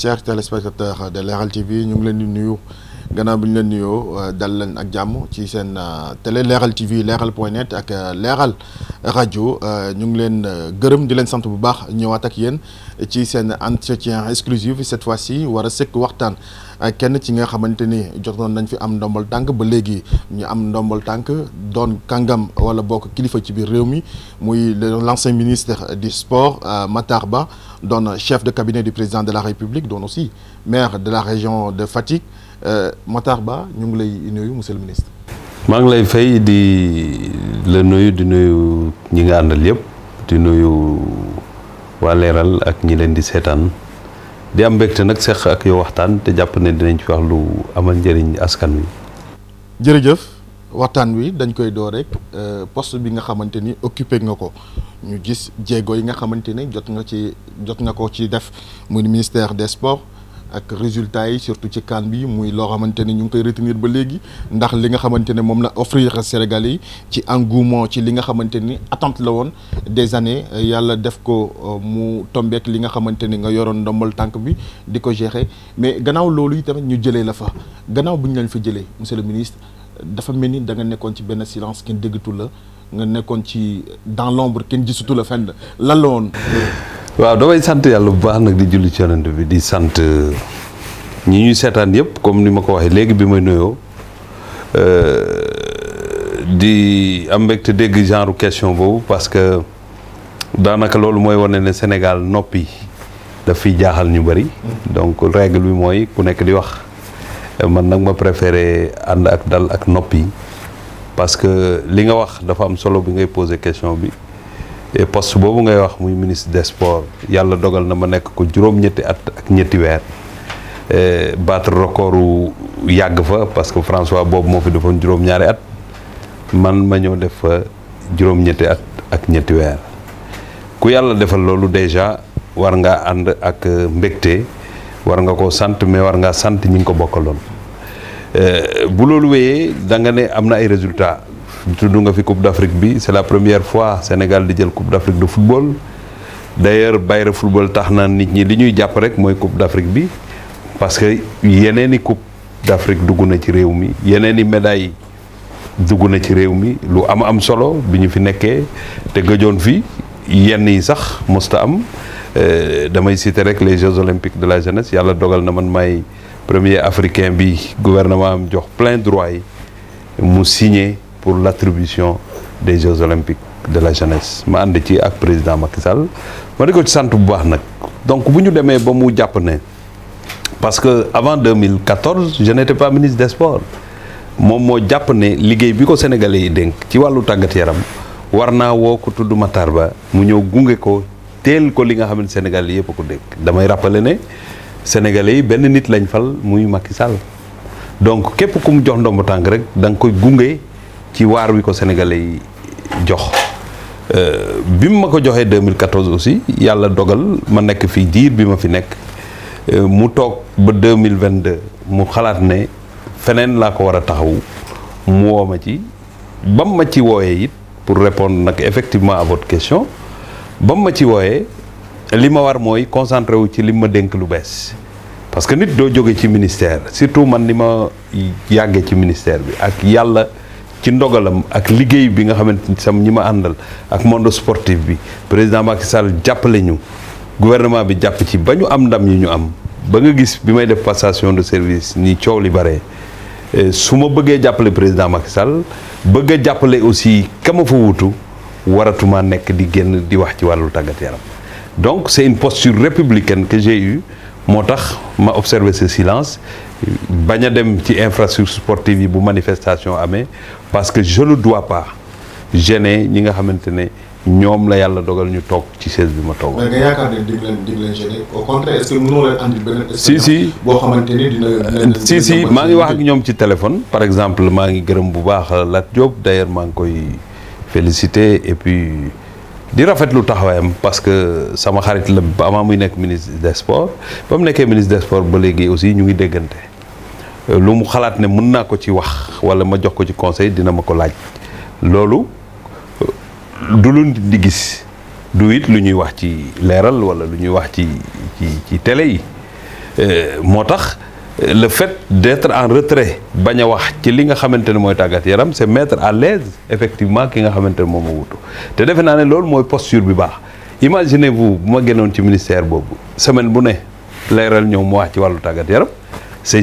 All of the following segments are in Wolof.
chers téléspectateurs de Leral TV ñu ngi leen di nuyu gannaaw bi ñu leen nuyoo euh, dal leen ak jàmm ci seen euh, télé leeral TV leeral point net ak euh, leeral rajo ñu ngi leen gërëm di leen sant bu baax ñëwaat ak yéen ci seen entretien exclusive cette fois-ci war a sëkk waxtaan kenn ci nga xamante ni jotoon nañ fi am ndombal tànk ba léegi ñu am ndombal tànk doon kàngam wala bokk kilifa ci biir réew mi muy l'ancien ministre du sport Matar Ba doon chef de cabinet du président de la République doon aussi maire de la de Fatick. Euh, moo tax Ba ñu ngi lay nuyu monsieur le ministre. maa ngi lay fay di la nuyu di nuyu ñi nga àndal yëpp di nuyu waa Leeral ak ñi leen di seetaan di am mbégte nag seq ak yow waxtaan te jàpp ne dinañ ci wax lu amal njëriñ askan wi. jërëjëf waxtaan wi dañ koy doo rek euh, poste bi nga xamante ni occupé nga ko ñu gis jéego yi nga xamante ne jot nga ci jot nga ko ci def muy ministère des sports. ak résultats yi surtout ci kaan bi muy loo xamante ne ñu ngi koy retenir ba léegi ndax li nga xamante ne moom la offrir Sénégalais yi ci engouement ci li nga xamante ni attente la woon des années yàlla def ko euh, mu tombeek li nga xamante ni nga yoroon ndombal tànk bi di ko jeexee mais gannaaw loolu yi tamit ñu jëlee la fa gannaaw bu ñu leen fi jëlee monsieur le ministre dafa mel ni da nga nekkoon ci benn silence kenn déggatul la nga nekkoon ci dans l'ombre kenn gisatu la lan la woon waaw damay sant yàlla bu baax nag di julli ci yonent bi di sant euh, ñi ñuy seetaan yëpp comme ni ma ko waxee léegi bi may nuyoo euh, di am mbégte dégg genre question boobu parce que daanaka loolu mooy wane ne Sénégal noppi daf fiy jaaxal ñu bëri. donc règle bi mooy ku nekk di wax man nag ma préféré ànd ak dal ak noppi parce que li nga wax dafa am solo bi ngay poser question bi. post boobu ngay wax muy ministre des sports yàlla dogal na ma nekk ko juróom-ñetti at ak ñetti weer battre record yàgg fa parce que François boobu moo fi defoon juróom-ñaari at man ma ñëw def fa juróom-ñetti at ak ñetti weer ku yàlla defal loolu déjà war ngaa ànd ak mbégte war nga ko sant mais war ngaa sant ñi nga ko bokkaloon bu loolu wéyee da ne am na ay résultats. tudd nga fi coupe d' afrique bi c' la première fois Sénégal di jël coupe d' afrique de football d' ailleurs Bayra football tax na nit ñi li ñuy jàpp rek mooy coupe d' afrique bi parce que yeneen i coupe afrique dugg na ci réew mi yeneen i médailles dugg na ci réew mi lu am am solo bi ñu fi nekkee te gëjoon fi yenn yi sax mosta am euh, damay citer rek les jeux olympiques de la jeunesse yàlla dogal na man may premier africain bi gouvernement am jox plein droit yi mu signé pour l'attribution des Jeux olympiques de la jeunesse ma ànd ci ak président Macky Sall ma di ko ci sant bu baax nag donc bu ñu demee ba mu jàpp ne parce que avant 2014 je n'étais pas ministre des sports moom moo jàpp ne liggéey bi ko sénégalais yi dénk ci wàllu tàggat yaram war naa woo ko tudd Matar Ba mu ñëw gunge ko teel ko li nga xam ne sénégalais yëpp a ko dénk damay rappeler ne sénégalais yi benn nit lañ fal muy Macky donc képp ku mu jox ndombo tànk rek da ci waar wi ko sénégalais yi jox euh, bi mu ma ko joxee 2014 aussi yàlla dogal ma nekk fii diir bi ma fi nekk euh, mu toog ba 2022 mu xalaat ne feneen laa ko war a taxawu mu woo ma ci ba mu ma ci wooyee it pour répondre nag effectivement à question ba mu ma ci wooyee li ma war mooy concentré wu ci li ma dénk lu bees parce que nit doo jóge ci ministère surtout man ni ma yàggee ci ministère bi ak yàlla ci ndogalam ak liggéey bi nga xamante ni sam ñi ma àndal ak monde sportif bi président Macky Sall jàppale ñu gouvernement bi jàpp ci ba ñu am ndam yi ñu am ba nga gis bi may def pastation de service ni coow li bare eh, su ma bëggee jàppale président Macky Sall bëgg a jàppale aussi kama fa wutu waratuma nekk di génn di wax ci wàllu tàggat yaram donc c'est une posture républicaine que j'ai moo tax ma observé ce silence bañ a dem ci infrastructure sportive yi bu manifestation amee parce que je ne pas gêner ñi nga xamante ne ñoom la yàlla dogal ñu toog ci chaise bi ma toog. si boo xamante ni dina. si si maa ngi wax ak ñoom ci téléphone. par exemple maa ngi gërëm bu baax laat Diop d'ailleurs maa ngi koy féliciter et puis di rafetlu taxawaayam parce que sama xarit la avant muy nekk ministre des sports ba mu nekkee ministre des ba léegi aussi ñu ngi déggante. lu mu xalaat ne mën naa ko ci wax wala ma jox ko ci conseil dina ma ko laaj loolu du lu nit di gis du it lu ñuy wax ci leeral wala lu ñuy wax ci ci ci télé yi euh, moo tax le fait d'être en retrait bañ a wax ci li nga xamante ne mooy tàggat yaram c'est mettre à l'aise effectivement ki nga xamante ne moom a wutu te defe naa ne loolu mooy posture bi baax imaginez-vous bu ma génnoon ci ministère boobu semaine bu ne leeral ñëw mu wax ci wàllu tàggat yaram c'est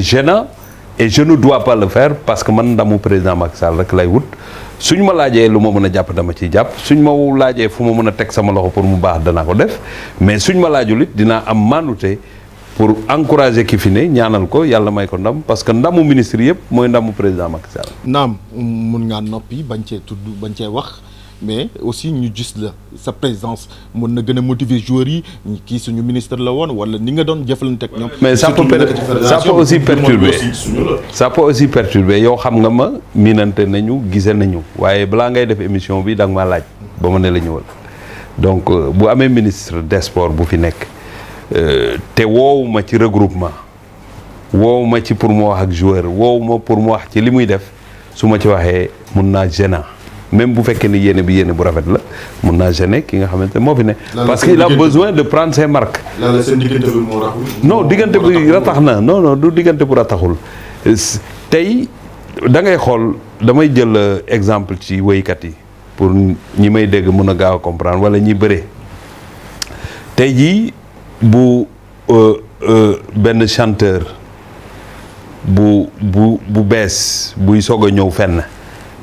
et je ne dois pas le faire parce que man ndamu président Macky rek lay wut suñ ma laajee lu ma mën a jàpp dama ciy jàpp suñ ma laajee fu ma mën a teg sama loxo pour mu baax dana ko def mais suñ ma laajul dinaa am maanute pour encourager ki ñaanal ko yàlla may ko ndam parce que ndamu ministre yëpp mooy ndamu président Macky Sall. naam mun ngaa noppi bañ cee tudd bañ cee wax. mais aussi ñu gis la sa présence mën na gën a motiver joueurs yi kii suñu ministre la woon wala ni nga doon jëflante ak ñoom. mais ça peut aussi perturber ça peut aussi perturber yow xam nga ma miinante nañu gise nañu waaye balaa ngay def émission bi da nga maa laaj ba ma ne la ñëwal donc euh, bu amee ministre des sports bu fi nekk euh, te woowu ma ci regroupement woowu ma ci pour mu wax ak joueur woowu ma pour mu wax ci li muy def su ma ci waxee mun naa gênant même bu fekkee ni yéene bi yéene bu rafet la mun naa gêner ki nga xamante moo fi ne. parce que il a besoin de prendre ses marques. lan la seen diggante bi moo diggante bi na non non du diggante bu rataxul tey da ngay xool damay jël euh, exemple ci woykat yi pour ñi may dégg mun a gaaw a comprendre wala ñi bëre tey jii bu euh, euh, benn chanteur bu bu bu bees buy soog a ñëw fenn.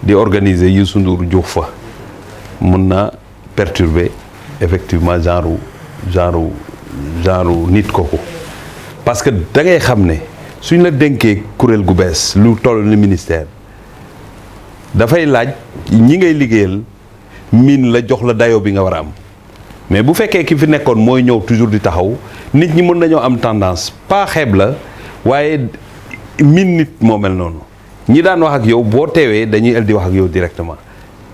di organiser Youssou Ndour juux fa mun na perturber effectivement genre genre genre nit kooku parce que da ngay xam ne suñ la dénkee kuréel gu bees lu toll ni ministère dafay laaj ñi ngay liggéeyal miin la jox la dayo bi nga war a am mais bu fekkee ki fi nekkoon mooy ñëw toujours di taxaw nit ñi mën nañoo am tendance pas xeeb la waaye miin nit moo mel noonu ñi daan wax ak yow boo teewee dañuy el di wax ak yow directement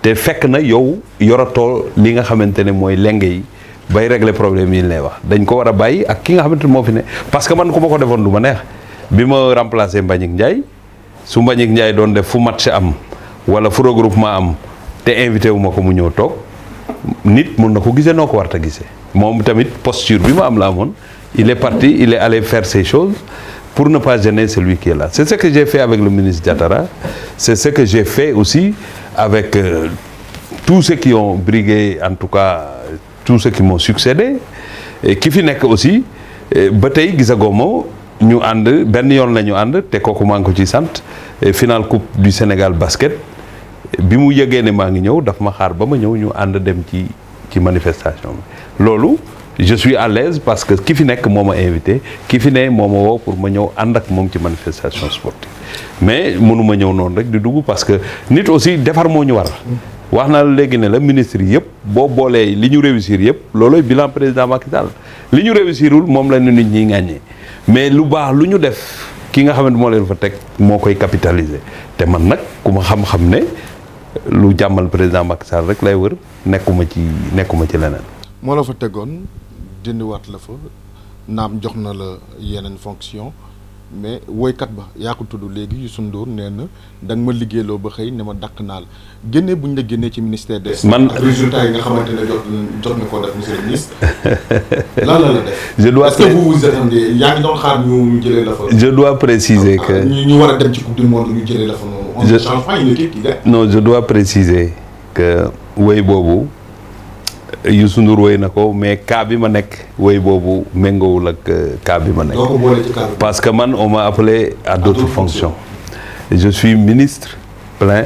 te fekk na yow yoratoo li nga xamante ne mooy lenge yi bay régler problème yi lay wax dañ ko war a bàyyi ak ki nga xamante ne moo fi ne parce que man ku ma ko defoon du ma neex bi ma remplacé Mbagnick Ndiaye su Mbagnick Ndiaye doon def fu match am wala fu regroupement am te invité wu ko mu ñëw toog nit mun na ko gisee noo ko war gisee moom tamit posture bi ma am la amoon il est parti il est allé faire pour ne pas gêner celui qui est là. C'est ce que j'ai fait avec le ministre Diatara. C'est ce que j'ai fait aussi avec tout euh, tous ceux qui en tout cas, tous ceux qui m'ont succédé. Et qui finit aussi, eh, Batei Gizagomo, ñu ànd benn yoon la ànd te kooku maa ngi ko ci sant eh, final coupe du Sénégal basket bi mu yëgee ne maa ngi ñëw daf ma xaar ba ma ñëw ñu ànd dem ci ci manifestation bi loolu je suis à l'aise parce que ki fi nekk moom ma invité ki fi ne moo ma woo pour ma ñëw ànd ak moom ci manifestation sportive mais mënu ñëw noonu rek di dugg parce que nit aussi defar moo ñu war wax naa la léegi ne la ministre yëpp boo boolee li ñu réussir yëpp loolooy bilan président Macky Sall li ñu réussirul moom la ñu nit ñi ŋàññee mais lu baax lu ñu def ki nga xamante moo leen fa teg moo koy capitaliser te man nag ku ma xam-xam ne lu jàmmal président Macky Sall rek lay wër nekkuma ci nekkuma ci leneen. la fa tegoon. dindiwaat la fa naam jox na la yeneen fonction mais woykat ba yaa ko tudd léegi Youssou Ndour nee na da nga ma liggéeyloo ba xëy ne ma dàq naa la génne bu ñu la génnee ci ministère des. man résultat yi nga xamante ne jot jot na koo def monsieur le ministre lan la la def. je dois est yaa ngi doon la fa. je préciser ah, que. ñu ñu war a dem ci coupe du monde ñu jëlee la fa noonu. on ne change préciser que woy boobu. Youssou Ndour woy na ko mais cas bi ma nekk woy boobu méngoowul ak kaa euh, bi ma nekk parce que man on m'a appelé à d'autres fonction je suis ministre plein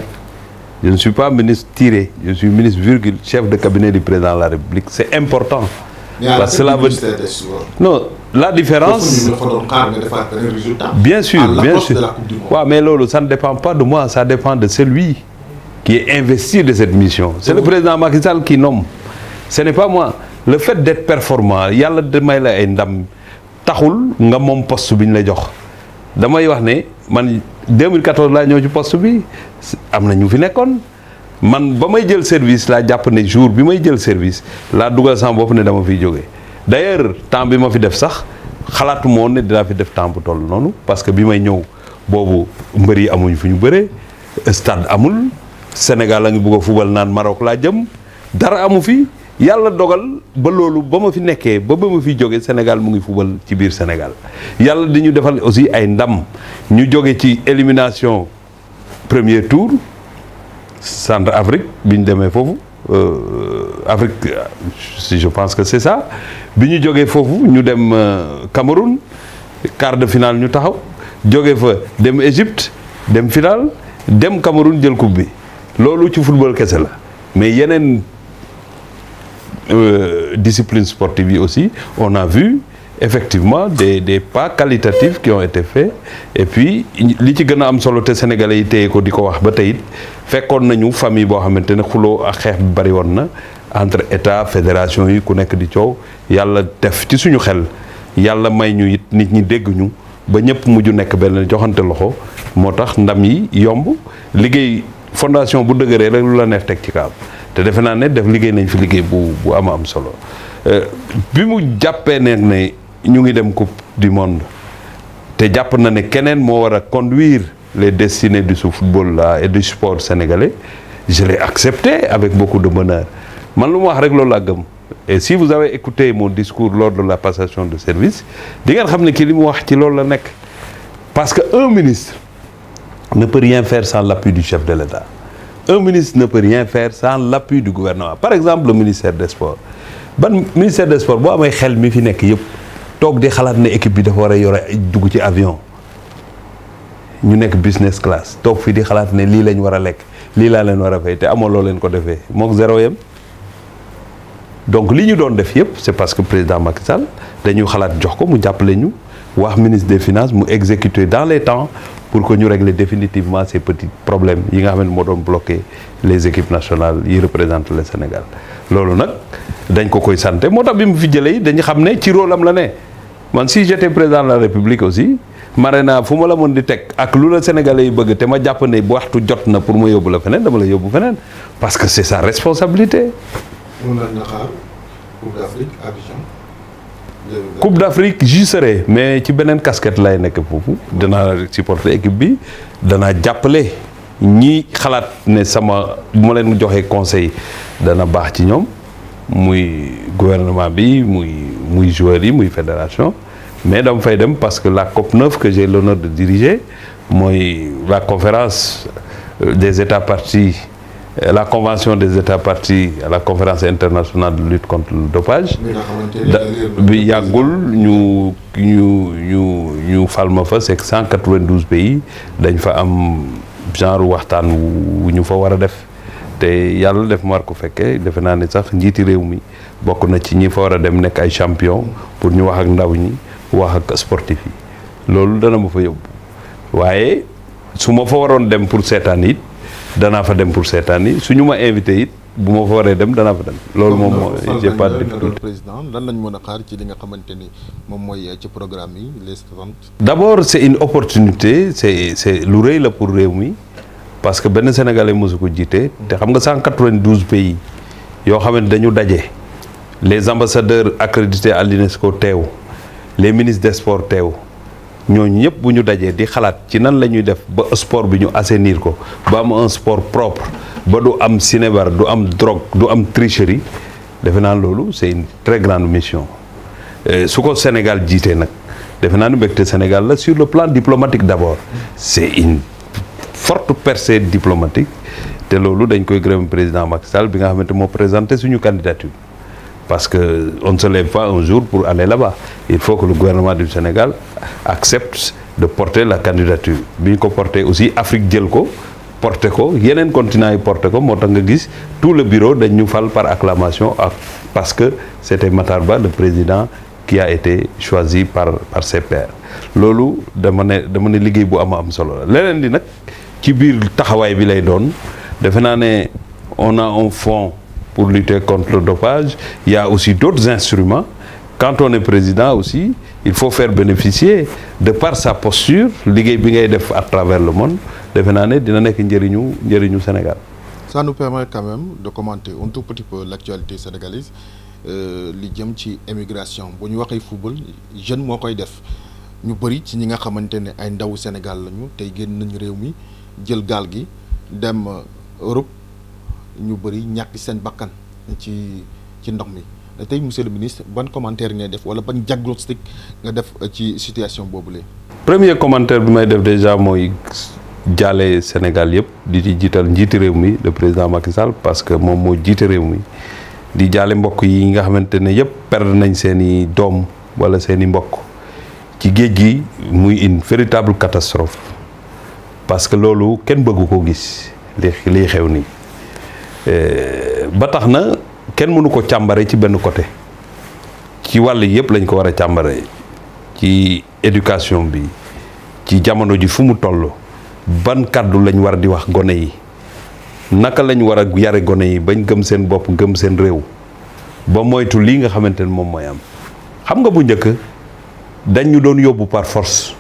je ne suis pas ministre tiré je suis ministre virgule chef de cabinet du président de la République c'est important parce que cela veut la différence bien sûr bien sûr waaw mais loolu ça ne dépend pas de moi ça dépend de celui qui est investi de cette mission c'est le oh. président Macky Sall qui nomme ce n'est pas moi le fait d'être performant yàlla damay la ay ndam taxul nga moom poste bi ñu la jox damay wax ne man 2014 laa ñëw ci poste bi am na ñu fi nekkoon man ba may jël service laa jàpp ne jour bi may jël service laa dugal sama bopp ne dama fi jóge d'ailleurs temps bi ma fi def sax xalaatu moon ne dinaa fi def temps bu noonu parce que bi may ñëw boobu mbër yi amuñu fi ñu bëree stade amul Sénégal a ngi bëgg fubal naan Maroc laa jëm dara amu fi. yàlla dogal ba loolu ba ma fi nekkee ba ba ma fi jóge Sénégal mu ngi fubal ci biir Sénégal yàlla di ñu defal aussi ay ndam ñu jóge ci élimination premier tour centre Afrique bi ñu demee foofu euh, Afrique si je pense que c'est ça bi ñu jógee foofu ñu dem euh, Cameroun quart de finale ñu taxaw jóge fa dem Égypte dem finale dem Cameroun jël coupe bi loolu ci football kese la mais yeneen. Euh, discipline sportive yi aussi on a vu effectivement des des pas qualitatifs qui ont été faits et puis li ci gën a am solo te sénégalais yi teye ko di ko wax ba tey fekkoon nañu famille boo xamante ne xuloo ak xeex bi bari woon na entre état fédération yi ku nekk di coow yàlla def ci suñu xel yàlla may ñu it nit ñi dégg ñu ba ñëpp mujj nekk benn joxante loxo moo tax ndam yi yomb liggéey fondation bu dëgëree rek lu la neex teg ci kaab te defe naa ne def liggéey nañ fi liggéey bu bu am am solo euh, bi mu jàppee ne ne ñu ngi dem coupe du monde te jàpp na ne keneen moo war a conduire les destinées du football là et du sport sénégalais je l'ai accepté avec beaucoup de bonheur man lu ma wax rek loolu laa gëm et si vous avez écouté mon discours lors de la passation de service di ngeen xam ne kii li mu wax ci loolu la nekk parce que un ministre ne peut rien fair sans l'appui du chef de l'État un ministre ne peut rien fair sans l'appui du gouvernement par exemple le ministère des sports ban ministère des boo amee xel mi fi nekk yëpp toog di xalaat ne équipe bi dafa war a yore ay dugg ci avion ñu nekk business class toog fii di xalaat ne lii lañ war a lekk lii laa leen war a fay te amoo loo leen ko defee mook zéro yem donc li ñu doon def yëpp c'est parce que président Macky Sall dañuy xalaat jox ko mu jàppale ñu wax ministre des finances mu exécuter dans les temps pour que ñu régler définitivement ces petits problèmes yi nga xam ne moo doon bloqué les équipes nationales yi représentent le Sénégal loolu nag dañ ko koy sante moo tax bi mu fi jëlee dañu xam ne ci rôle am la ne man si j'étais président de la République aussi mare naa fu ma la moon di teg ak lu la Sénégalais yi bëgg te ma jàpp ne bu waxtu jot na pour ma yóbbu la feneen dama la yóbbu feneen parce que c'est sa responsabilité. mun coupe d' Afrique mais ci beneen casquette lay nekk foofu danaa supporter équipe bi danaa jàppale ñi xalaat ne sama bu ma leen joxee conseil dana baax ci ñoom muy gouvernement bi muy muy joueurs yi muy fédération mais dama fay dem parce que la COP 9 que j'ai l'honneur de diriger mooy la conférence euh, des états parties Euh, la convention des états partis la conférence internationale de lutte contre le dopage bi yàggul ñu ñu ñu ñu fal ma fa c'est pays dañ fa am genre waxtaan wu ñu fa war a def te yàlla def mar ko fekkee defe naa ne sax njiiti réew mi bokk na ci ñi fa war a dem nekk ay champion pour ñu wax ak ndaw ñi wax ak sportif yi loolu dana ma fa yóbbu waaye su ma fa waroon dem pour seetaan it danaa fa dem pour seetaan suñu su ñu ma invité it bu ma fa waree dem danaa fa dem. loolu moom moo j'ai président lan lañ mën a xaar ci li nga xamante ni moom mooy euh, ci programme yi les d' abord c' une opportunité c' est lu rëy la pour réew mi parce que benn sénégalais mosu ko jiite. te xam nga 192 pays yoo xam dañu daje. les ambassadeurs accrédités à l'UNESCO teew les ministres des sports teew. ñooñu ñëpp bu ñu dajee di xalaat ci nan la ñuy def ba sport bi ñu assainir ko ba am un sport propre ba du am sinébar du am drogue du am tricherie defe naa loolu c'est une très grande mission euh, su ko Sénégal jiitee nag defe naa ni mbégte Sénégal la sur le plan diplomatique d'abord c'est une forte percée diplomatique te loolu dañ koy gërëm président Macky Sall bi nga xamante moo présenté suñu candidature Parce que ne se lève pas un jour pour aller là-bas. Il faut que le gouvernement du Sénégal accepte de porter la candidature. bi ñu ko porter aussi Afrique jël ko porté ko yeneen continent yi porté ko moo tax nga gis tout le bureau dañu fal par acclamation parce que c' était Matar Ba le président qui a été choisi par par ses pairs loolu dama ne dama ne liggéey bu am am solo la leneen li nag ci biir taxawaay bi lay doon defe naa ne on a un fonds pour lutter contre le dopage. Il aussi d'autres instruments. Quand on président aussi, il faut faire bénéficier de par sa posture liggéey bi ngay def à travers le monde defe naa ne dina nekk njëriñu njëriñu Sénégal. Ça nous permet quand même de commenter un tout petit peu l'actualité sénégalaise euh, li jëm ci émigration bu ñu waxee football jeune moo koy def ñu bëri ci ñi nga xamante ne ay ndawu Sénégal lañu tey génn nañu réew mi jël gaal gi dem Europe. ñu bëri ñàkk seen bakkan ci ci ndox mi tey monsieur le ministre ban commentaire ngay def wala ban diagnostic nga def euh, ci situation boobu la premier commentaire bi may def déjà mooy jaale Sénégal yëpp di ci jiital njiiti réew mi le président Macky Sall parce que moom moo jiite réew mi di jaale mbokk yi nga xamante ne yëpp perdre nañ seen i doom wala seen i mbokk ci géej gi muy une véritable catastrophe parce que loolu kenn bëggu ko gis li liy xew nii Euh, ba tax na kenn mënu ko càmbare ci benn côté ci wàll yëpp lañ ko war a càmbare ci éducation bi ci jamono ji fu mu toll ban kàddu lañ war di wax gone yi naka lañ war a yare gone yi bañ gëm seen bopp gëm seen réew ba moytu lii nga xamante ne moom mooy am xam nga bu njëkk dañ ñu doon yóbbu par force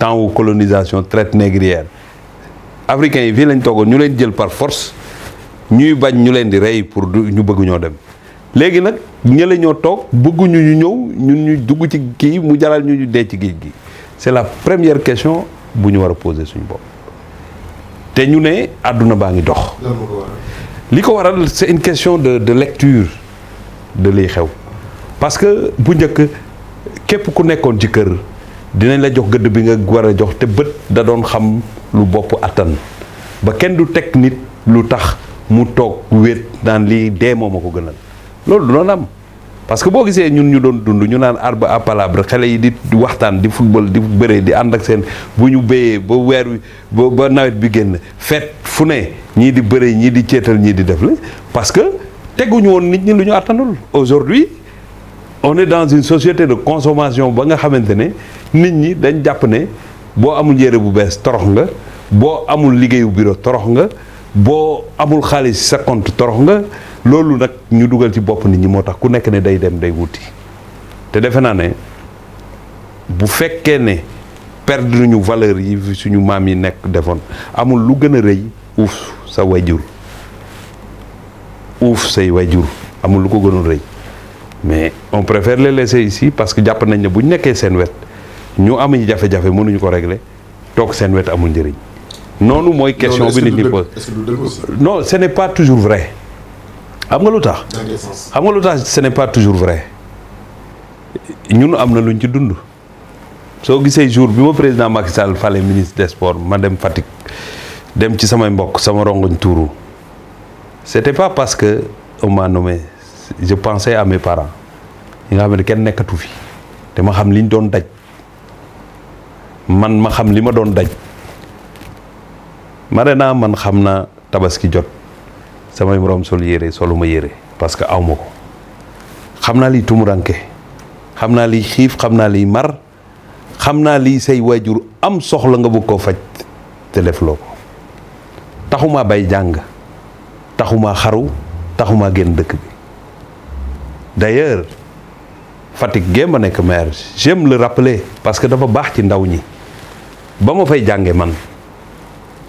temps wu colonisation traite négrière africains yi fii lañ toogoon ñu leen jël par force ñuy bañ ñu leen di rey pour ñu bëgg ñoo dem léegi nag ñële ñoo toog bëgguñu ñu ñëw ñun ñu dugg ci kii mu jaral ñu ñu dee ci géej gi c'est la première question bu ñu war a suñu bopp te ñu ne àdduna baa ngi dox. li ko waral c'est une question de de lecture de liy xew parce que bu njëkk képp ku nekkoon ci kër dinañ la jox gëdd bi nga war a jox te bët da doon xam. lu bopp attan ba kenn du teg nit lu tax mu toog wéet naan lii dee moo ma ko gënal loolu du doon am parce que boo gisee ñun ñu doon dund ñu naan arbre à palabre xale yi di waxtaan di football di bëre di ànd ak seen bu ñu béyee ba weer wi ba nawet bi génn feet fu ne ñii di bëre ñii di ceetal ñii di def la parce que teguñu woon nit ñi lu ñu attanul aujourd'hui on est dans une société de consommation ba nga xamante ne nit ñi dañ jàpp ne boo amul yére bu bees torox nga boo amul liggéeyu bureau torox nga boo amul xaalis sa compte torox nga loolu nag ñu dugal ci bopp nit ñi moo tax ku nekk ne day dem day wuti te defe naa ne bu fekkee ne perdre ñu valeur yi suñu maam yi nekk defoon amul lu gën a rëy uuf sa wayjur uuf sa wayjur amul lu ko gënoon rëy mais on préfère les laisser ici parce que jàpp nañ ne bu ñu nekkee seen wet ñu amuñu jafe-jafe mënuñu ko régler toog seen wet amul njëriñ noonu mooy question bi nit ñi pose non ce pas toujours vrai xam nga lu tax xam nga lu tax ce pas toujours vrai ñun am na luñ ci dund soo gisee jour bi ma président Macky Sall fale ministre des sports ma dem Fatick dem ci samay mbokk sama rongoñ tuuru c'était pas parce que on m'a je pense à mes parents yi nga xam ne kenn nekkatu fi te ma xam liñ doon daj man ma xam li ma doon daj mare naa man xam naa tabaski jot samay moroom sol yére solu ma yére parce que aw ko xam naa li tumuranke xam naa li xiif xam naa liy mar xam naa lii say waajur am soxla nga bëgg koo faj te def loo ko taxumaa bay jàng taxumaa xaru taxumaa génn dëkk bi d'ailleurs Fatick géem a nekk maire j'aime le rappeler parce que dafa baax ci ndaw ñi ba ma fay jànge man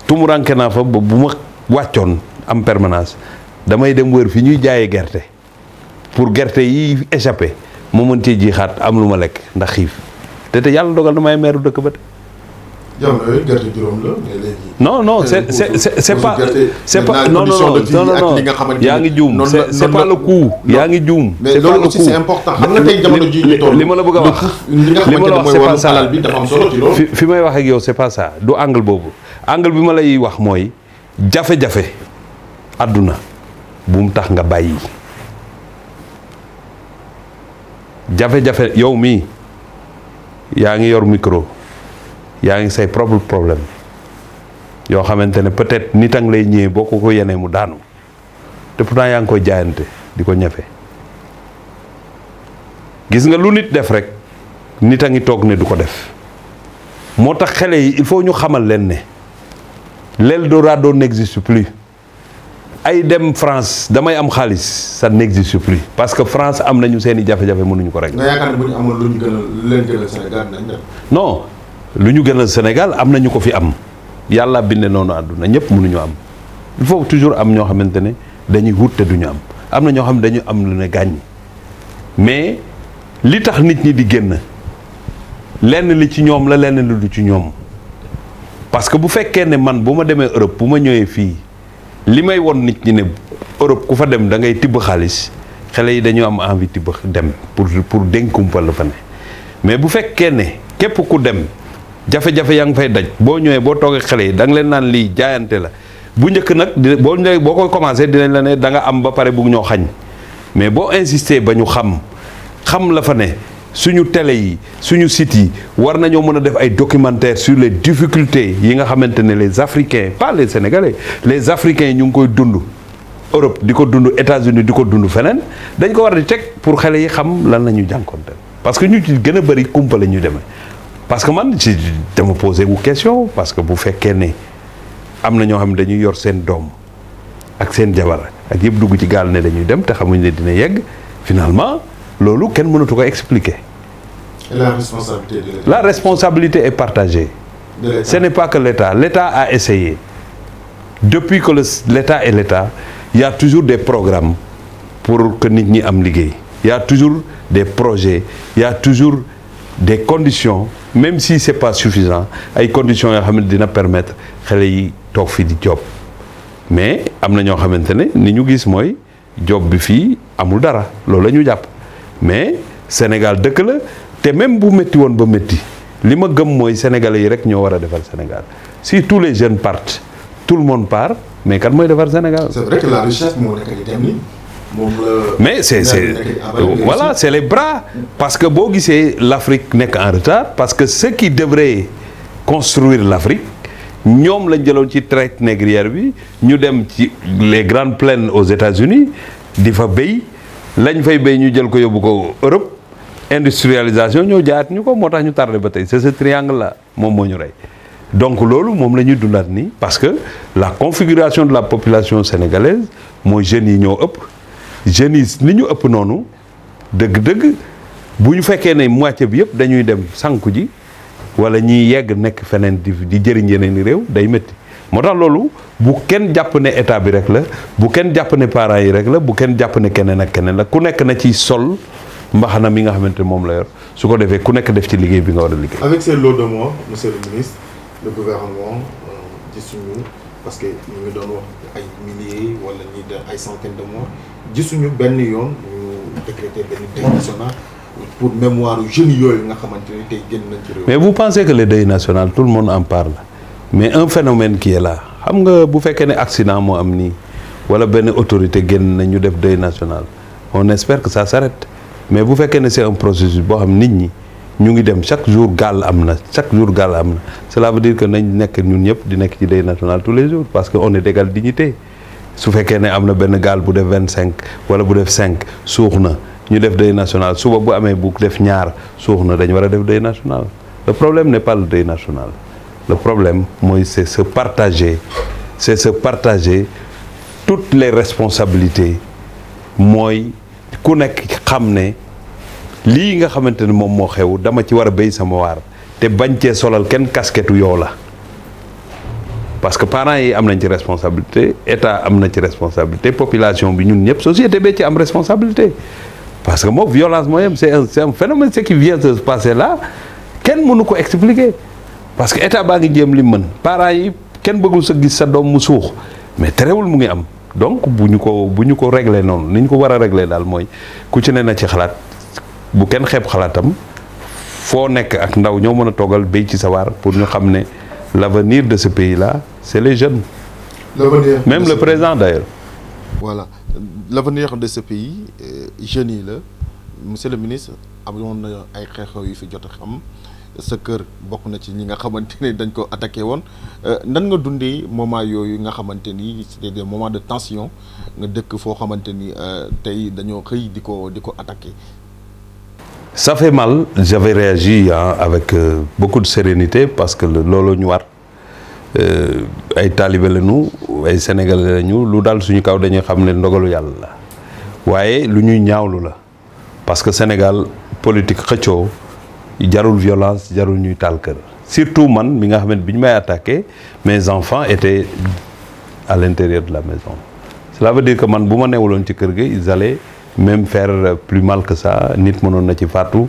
tumuranke naa fa ba bu ma wàccoon am permanence damay dem wër fi ñuy jaayee gerte pour gerte yi échappé moom mën cee jiixaat am lu ma lekk ndax xiif te te yàlla dogal na may meeru dëkk ba de yow yooyu gerte juróom la mais léegi. non non c' est c' est c' est pas c' pas non non non yaa ngi juum c' est pas le coup. yaa ngi juum c' pas le coup mais loolu important xam nga tey jamono ji ñu toll li ma la bëgg a wax li nga xamante ne mooy wàllu alal bi dafa am solo ci fi may wax ak yow c' est pas ça du angle boobu angle bi ma lay wax mooy jafe-jafe àdduna bu mu tax nga bàyyi jafe-jafe yow mii yaa ngi yor micro. yaa ngi say propre problème yoo xamante ne peut-être nit a ngi lay ñëwee boo ko ko yenee mu daanu te pourtant yaa ngi koy jaayante di ko ñafe gis nga lu nit def rek nit a ngi toog ne du ko def moo tax xele yi il faut ñu xamal leen ne l'Eldorado n'existe plus ay dem France damay am xaalis sa n'existe plus parce que France am nañu seen i jafe-jafe mënuñu ko rek. nga lu ñu gënal Sénégal am na ñu ko fi am yàlla binde noonu àdduna ñëpp mënuñu am li faut toujours am ñoo xamante ne dañuy wut te duñu am am na ñoo xam ne dañu am lu ne gàññ mais li tax nit ñi di génn lenn li ci ñoom la lenn li du ci ñoom parce que bu fekkee ne man bu ma demee Europe bu ma ñëwee fii li may won nit ñi ne Europe ku fa dem da ngay tibb xaalis xale yi dañu am envie tibb dem pour pour dénkumpal fa ne mais bu fekkee ne képp ku dem. jafe-jafe yaa ngi fay daj boo ñëwee boo toogee xale yi da nga leen naan lii jaayante la bu njëkk nag boo boo koy commencé dinañ la ne danga am ba pare bugg ñoo xañ mais boo insister ba ñu xam xam la fa ne suñu tele yi suñu site yi war nañoo mën a def ay documentaire sur les difficultés yi nga xamante ne les africains pas les sénégalais les africains ñu ngi koy dund Europe di ko dund États-Unis di ko dund feneen dañ ko war di teg pour xale yi xam lan la ñu parce que ñu ci gën a bëri kumpa la ñu demee parce que man ci dama posé wu question parce que bu fekkee ne am na ñoo xam ne dañuy yor seen doom ak seen jabar ak yëpp dugg ci gaal ne dañuy dem te xamuñ ne dina yegg finalement loolu kenn mënatu ko expliquer. Et la responsabilité de l'État. La responsabilité est partagée. Ce n'est pas que l'État. L'État a essayé. Depuis que l'État et l'État, il toujours des programmes pour que nit ñi am liggéey. Il toujours des projets, il toujours des conditions même si c'est pas suffisant ay conditions yoo xam ne dina permettre xele yi toog fii di job mais am na ñoo xamante ne ni ñu gis mooy job bi fii amul dara loolu la ñu jàpp mais Sénégal dëkk la te même bu métti woon ba métti li ma gëm mooy sénégalais yi rek ñoo war a defar Sénégal si tous les jeunes partent tout le monde par mais kan mooy defar Sénégal. c'est vrai que la richesse mais c'est c'est euh, voilà c'est les bras parce que boo gisee l'Afrique nekk en retard parce que ceux qui devraient construire l'Afrique ñoom lañ jëloon ci traite négrière bi ñu dem ci les grandes plaines aux États-Unis di fa béy lañ fay bay ñu jël ko yóbbu ko Europe industrialisation ñoo jaayaat ñu ko moo tax ñu tardé ba tey c'est ce triangle la moom moo ñu rey donc loolu moom la ñuy dundaat nii parce que la configuration de la population sénégalaise mooy jeunes yi ñoo ëpp jeunes ni ñu ëpp noonu dëgg-dëgg bu ñu fekkee ne moitié bi yëpp dañuy dem sànku ji wala ñiy yegg nekk feneen di di jëriñ yeneen i réew day métti moo tax loolu bu kenn jàpp ne état bi rek la bu kenn jàpp ne parent yi rek la bu kenn jàpp ne keneen ak keneen la ku nekk na ci sol mbaxana mi nga xamante moom la yor su ko defee ku nekk def ci liggéey bi nga war a liggéey. avec ces lots de mois monsieur euh, que ñu ngi doon wax gisuñu benn yoon ñu décréter benn deuil national pour mémoire nga xamante ni tey génn mais vous pensez que le deuil tout le monde en parle mais un phénomène qui est xam nga bu fekkee ne accident moo am nii wala benn autorité génn na ñu def deuil national on espère que ça s'arrête mais bu fekkee ne c'est un processus boo xam nit ñi ñu ngi dem chaque jour gaal am na chaque jour gaal am na cela veut dire nañ nekk ñun ñëpp di nekk ci deuil national tous les jours parce que on est d'égale dignité su fekkee ne am na benn gaal bu def vingt cinq wala bu def cinq suux na ñu def deuil national suba bu amee bu def ñaar suux na dañu war a def deuil national le problème ne pas le deuil national le problème mooy c'est se partager c'est se partager toutes les responsabilités mooy ku nekk xam ne lii nga xamante ne moom moo xew dama ci war a béy sama waar te bañ cee solal kenn kasketu yow la parce que parent yi am nañ ci responsabilité état am na ci responsabilité population bi ñun ñëpp société bee ci am responsabilité parce que moom violence mooy am c'est un c'est un phénomène ce qui vient de se passer kenn mënu ko expliquer parce que état baa ngi jéem li man parents yi kenn bëggul sa gis sa doom mu suux mais terewul mu ngi am donc bu ñu ko bu ñu ko régler noonu ni ñu ko war a régler daal mooy ku ci ne na ci xalaat bu kenn xeeb xalaatam foo nekk ak ndaw ñoo mën a toogal béy ci sa waar pour ñu xam ne l'avenir de ce pays c'est les jeunes. même le président d'ailleurs. voilà l'avenir de ce pays euh, jeunes yi la monsieur le ministre amoon na ay xew yu fi jot a xam sa kër bokk na ci ñi nga xamante ne dañ ko attaqué woon euh, nan nga dundee moment yooyu nga xamante ni c'est des moments de tension nga dëkk foo xamante ni euh, tey dañoo xëy di ko di ko attaqué. ça fait mal j'avais réagi hein, avec euh, beaucoup de sérénité parce que loolu ñu war. Euh, ay taalibe lañu ay sénégalais lañu lu dal suñu kaw dañuy xam ne ndogalu yàlla la waaye lu ñuy ñaawlu la parce que Sénégal politique xëccoo jarul violence jarul ñuy taal kër surtout man bi nga xam bi ñu may attaqué mes enfants étaient à l'intérieur de la maison cela veut dire que man bu ma newuloon ci kër gi ils allaient même faire plus mal que ça nit mënoon na ci faatu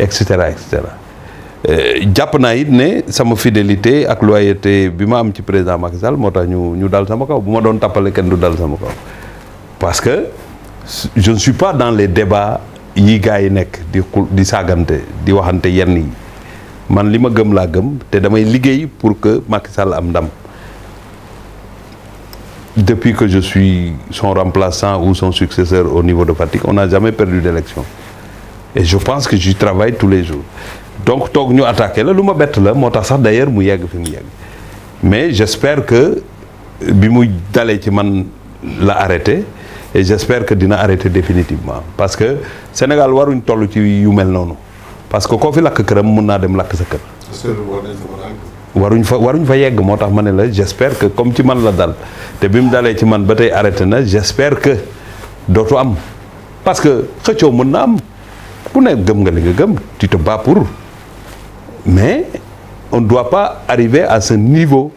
et cetera et cetera Euh, jàpp naa it ne sama fidélité ak loyauté bi ma am ci président Macky Sall moo tax ñu ñu dal sama kaw bu ma doon tàppale kenn du dal sama kaw parce que je ne suis pas dans les débats yi gars yi nekk di di saagante di waxante yenn yi man li ma gëm laa gëm te damay liggéey pour que Macky Sall am ndam depuis que je suis son remplaçant ou son successeur au niveau de Fatick on n'a jamais perdu d'élection et je pense que j'y travaille tous les jours donc toog ñu attaqué la lu ma bett la moo tax sax d'ailleurs mu yegg fi mu yegg mais j'espère que bi mu dalee ci man la arrêté et j'espère que dina arrêté définitivement parce que Sénégal waruñ toll ci yu mel noonu parce que koo fi lakk këram mun naa dem lakk sa kër. waruñ fa waruñ fa yegg moo tax ma ne la j'espère que comme ci man la dal te bi mu dalee ci man ba tey arrêté na j'espère que dootu am parce que xëccoo mën na am ku nekk gëm nga li nga gëm tu te Mais on ne pas arriver à ce niveau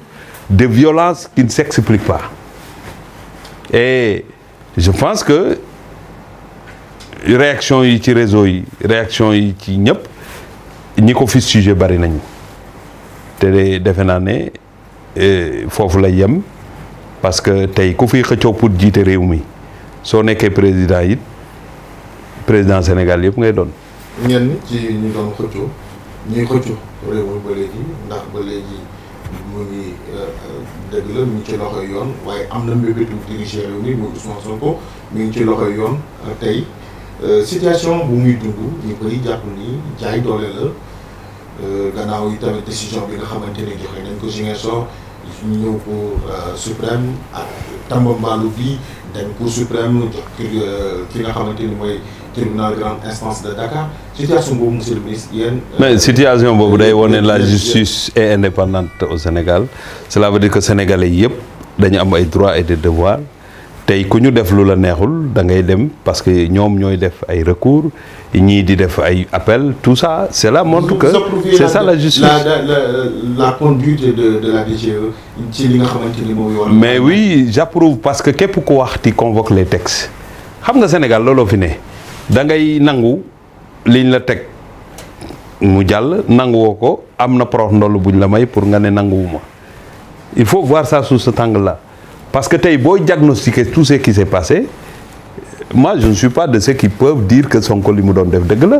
de violence qui ne s'explique pas. Et je pense que réaction yi ci réseau yi réaction yi ci ñëpp ñi ko fi sujet bari nañu te defe naa ne euh, foofu lay yem parce que tey ku fi xëccoo pour jiite réew mi soo nekkee président yit président Sénégal yëpp ngay doon. ñenn ci ñi doon xëccoo. ñuy xëccu réew ba léegi ndax ba léegi mu ngi euh, dëgg la mu ngi ci loxoy yoon waaye am na mbébétu diriger réew mi muy Ousmane Sonko mu ngi ci loxo yoon euh, tey euh, situation bu muy dund ñu bëri jàpp nii jaay doole la gannaaw yi tamit décision bi nga xamante ni joxe nañ ko Ziguinchor ñu ñëw ko suprême ak Tamba Mbalu bi dañ ko suprême jox ki nga xamante ni mooy. tribunal grande situation boobu euh, mais situation boobu day wone la justice est indépendante au Sénégal cela veut dire que sénégalais yëpp dañu am ay droits et des devoirs tey ku ñu def lu la neexul da ngay dem parce que ñoom ñooy def ay recours ñii di def ay appel tout ça cela montre que c'est ça la justice e nga xamante ni mooy mais oui j'approuve parce que képp ku wax ti convoque les textes xam nga Sénégal looloo fi ne. da ngay nangu liñ la teg mu jàll nanguwoo ko am na prox ndoll buñ la may pour nga ne nanguwuma il faut voir saa sous sa tàng la parce que tey boo diagnostiquer tout ce qui s'est passé moi je ne suis pas de ceux qui peuvent dire que Sonko li mu doon def dëgg la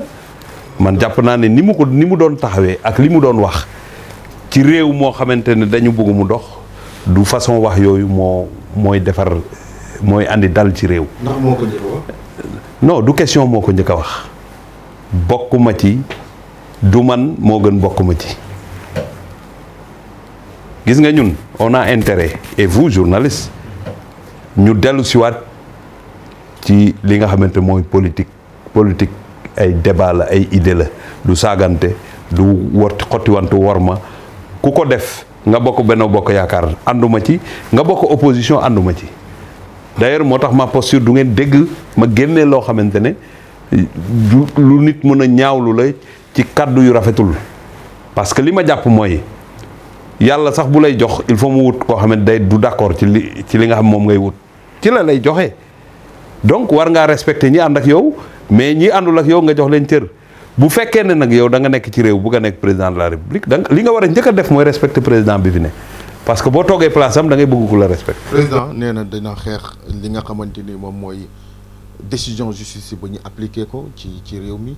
man jàpp naa ne ni mu ko ni mu doon taxawee ak li mu doon wax ci réew moo xamante ne dañu bëgg mu dox du façon wax yooyu moo mooy defar mooy andi dal ci réew. ndax moo non du question moo ko njëkk a wax bokkuma ci du man moo gën bokkuma ci gis nga ñun on a intérêt et vous journaliste ñu dellu siwaat ci li nga xamante mooy politique politique ay débat la ay idée la du saagante du war xottiwantu war ma ku ko def nga bokk Benno Bokk Yaakaar ànduma ci nga bokk opposition ànduma ci d'ailleurs moo tax ma posture du ngeen dégg ma génnee loo xamante ne lu nit mën a ñaawlu la ci kàddu yu rafetul parce que li ma jàpp mooy yàlla sax bu lay jox il faut mu wut koo xam ne day du d'accord ci li ci li nga xam moom ngay wut ci la lay joxe donc war ngaa respecter ñi ànd ak yow mais ñi àndul ak yow nga jox leen cër bu fekkee ne nag yow da nekk ci réew bu nga nekk président de la république li nga war a njëkk a def mooy respecter président bi fi ne parce que boo toogee place am da ngay bëgg ku la respecté. président nee na dina xeex li nga xamante ni moom mooy décision justice ba ñu appliqué ko ci ci réew mi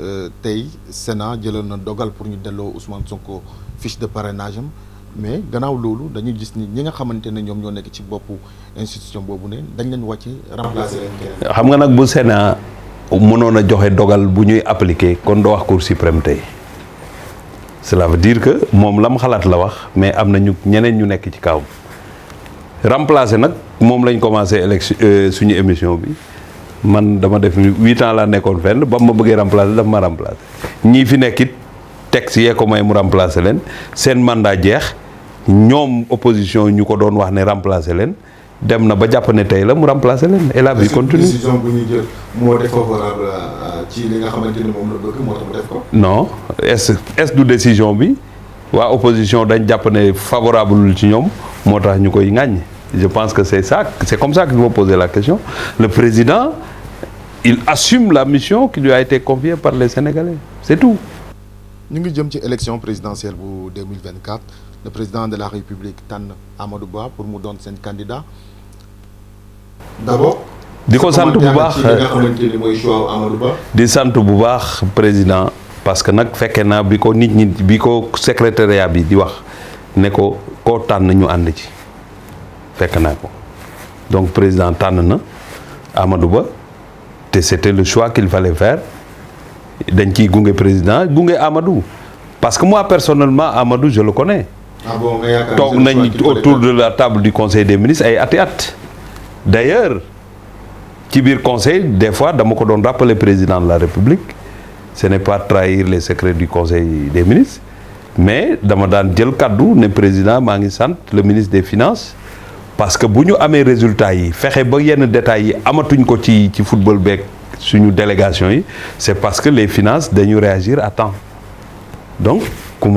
euh, tey Sénat jëlal na dogal pour ñu delloo Ousmane ko fiche de parenage am mais gannaaw loolu dañuy gis ni ñi nga xamante ne ñoom ñoo nekk ci boppu institution boobu ne dañ leen wàcce remplacer leen. xam nga nag bu Sénat mënoon a joxe dogal bu ñuy appliqué kon doo wax Cour suprême tey. la veut dire que moom lam xalaat la wax mais am na ñu ñeneen ñu nekk ci kawam remplacé nag moom lañ commencé élection euh, suñu émission bi man dama def huit ans laa nekkoon fenn ba ma bëggee remplacé daf ma remplacé ñii fi nekkit texte yee ko may mu remplacé leen seen mandat jeex ñoom opposition ñu ko doon wax ne remplacé leen dem na ba jàpp ne tey la mu remplacer leen et la vie continue. décision bu ñu jël moo def euh, ci li nga xamante ni moom la bëgg moo tax mu def ko. non est est du décision bi waa opposition dañ jàpp ne favorable ci ñoom moo tax ñu koy ŋàññ je pense que c'est ça c'est comme ça qu'il faut poser la question le président il assume la mission qui lui a été confiée par le Sénégalais c'est tout. ñu ngi jëm ci élection présidentielle bu 2024. le président de la république tànn Amadou Ba pour mu doon seen candidat d' abord. di ko sant bu baax di sant bu baax président parce que nag fekkee naa bi ko nit ñi bi ko secretariat bi di wax ne ko koo tànn ñu ànd ci fekk naa ko donc président tànn na Amadou Ba te c' était le choix qu'il fallait faire dañ ciy gunge président gunge Amadou parce que moi personnellement Amadou je le connais Ah toog nañ autour de la table du conseil des ministres ay ati at d'ailleurs ci biir conseil des fois dama ko doon rappeler président de la république ce n'est pas trahir les secrets du conseil des ministres mais dama daan jël kaddu ne président maa ngi sant le ministre des finance parce que bu ñu amee résultat yi fexe ba yenn détails yi amatuñ ko ci ci football beeg suñu délégation yi c'est parce que les finances dañu réagir à temps donc ku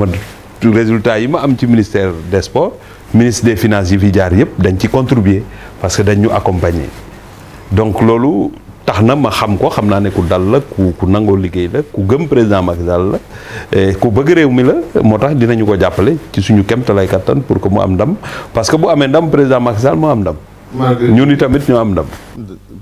résultats yi ma am ci ministère des sports ministre des finances yi fi jaar yëpp dañ ci contribuer parce que dañu ñu accompagner donc loolu tax na ma xam ko xam naa ne ku dal la ku ku nangoo liggéey la ku gëm président Macky Sall la ku bëgg réew mi la moo tax dinañu ko jàppale ci suñu kéemtalaay kattan pour que mu am ndam parce que boo amee ndam président Macky Sall am ndam. ñun tamit ñu am ndam.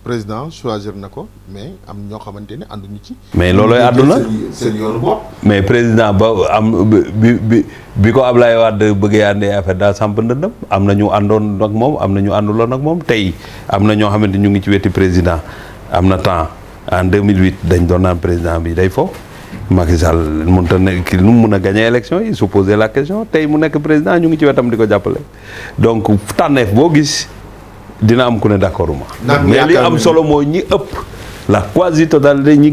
président choisir na ko mais am ñoo xamante ne ànduñu ci. mais loolooy àdduna seen yoonu bopp mais président ba am bi ko bi ko Ablaye Wade bëggee àndee affaire daa samp ndëndam am na ñu àndoon ak moom am na ñu ànduloon ak moom tey am na ñoo xamante ñu ngi ci wetti président am na temps en 2008 dañ doon naan président bi day foofu. Macky Sall mënut a nekk lu mu mun a gagné élection yi se poser la question tey mu nekk président ñu ngi ci wetam di ko jàppale donc tànneef boo gis. dina am ku ne d'accord ma mais li am solo mooy ñi ëpp la quasi totalité ñi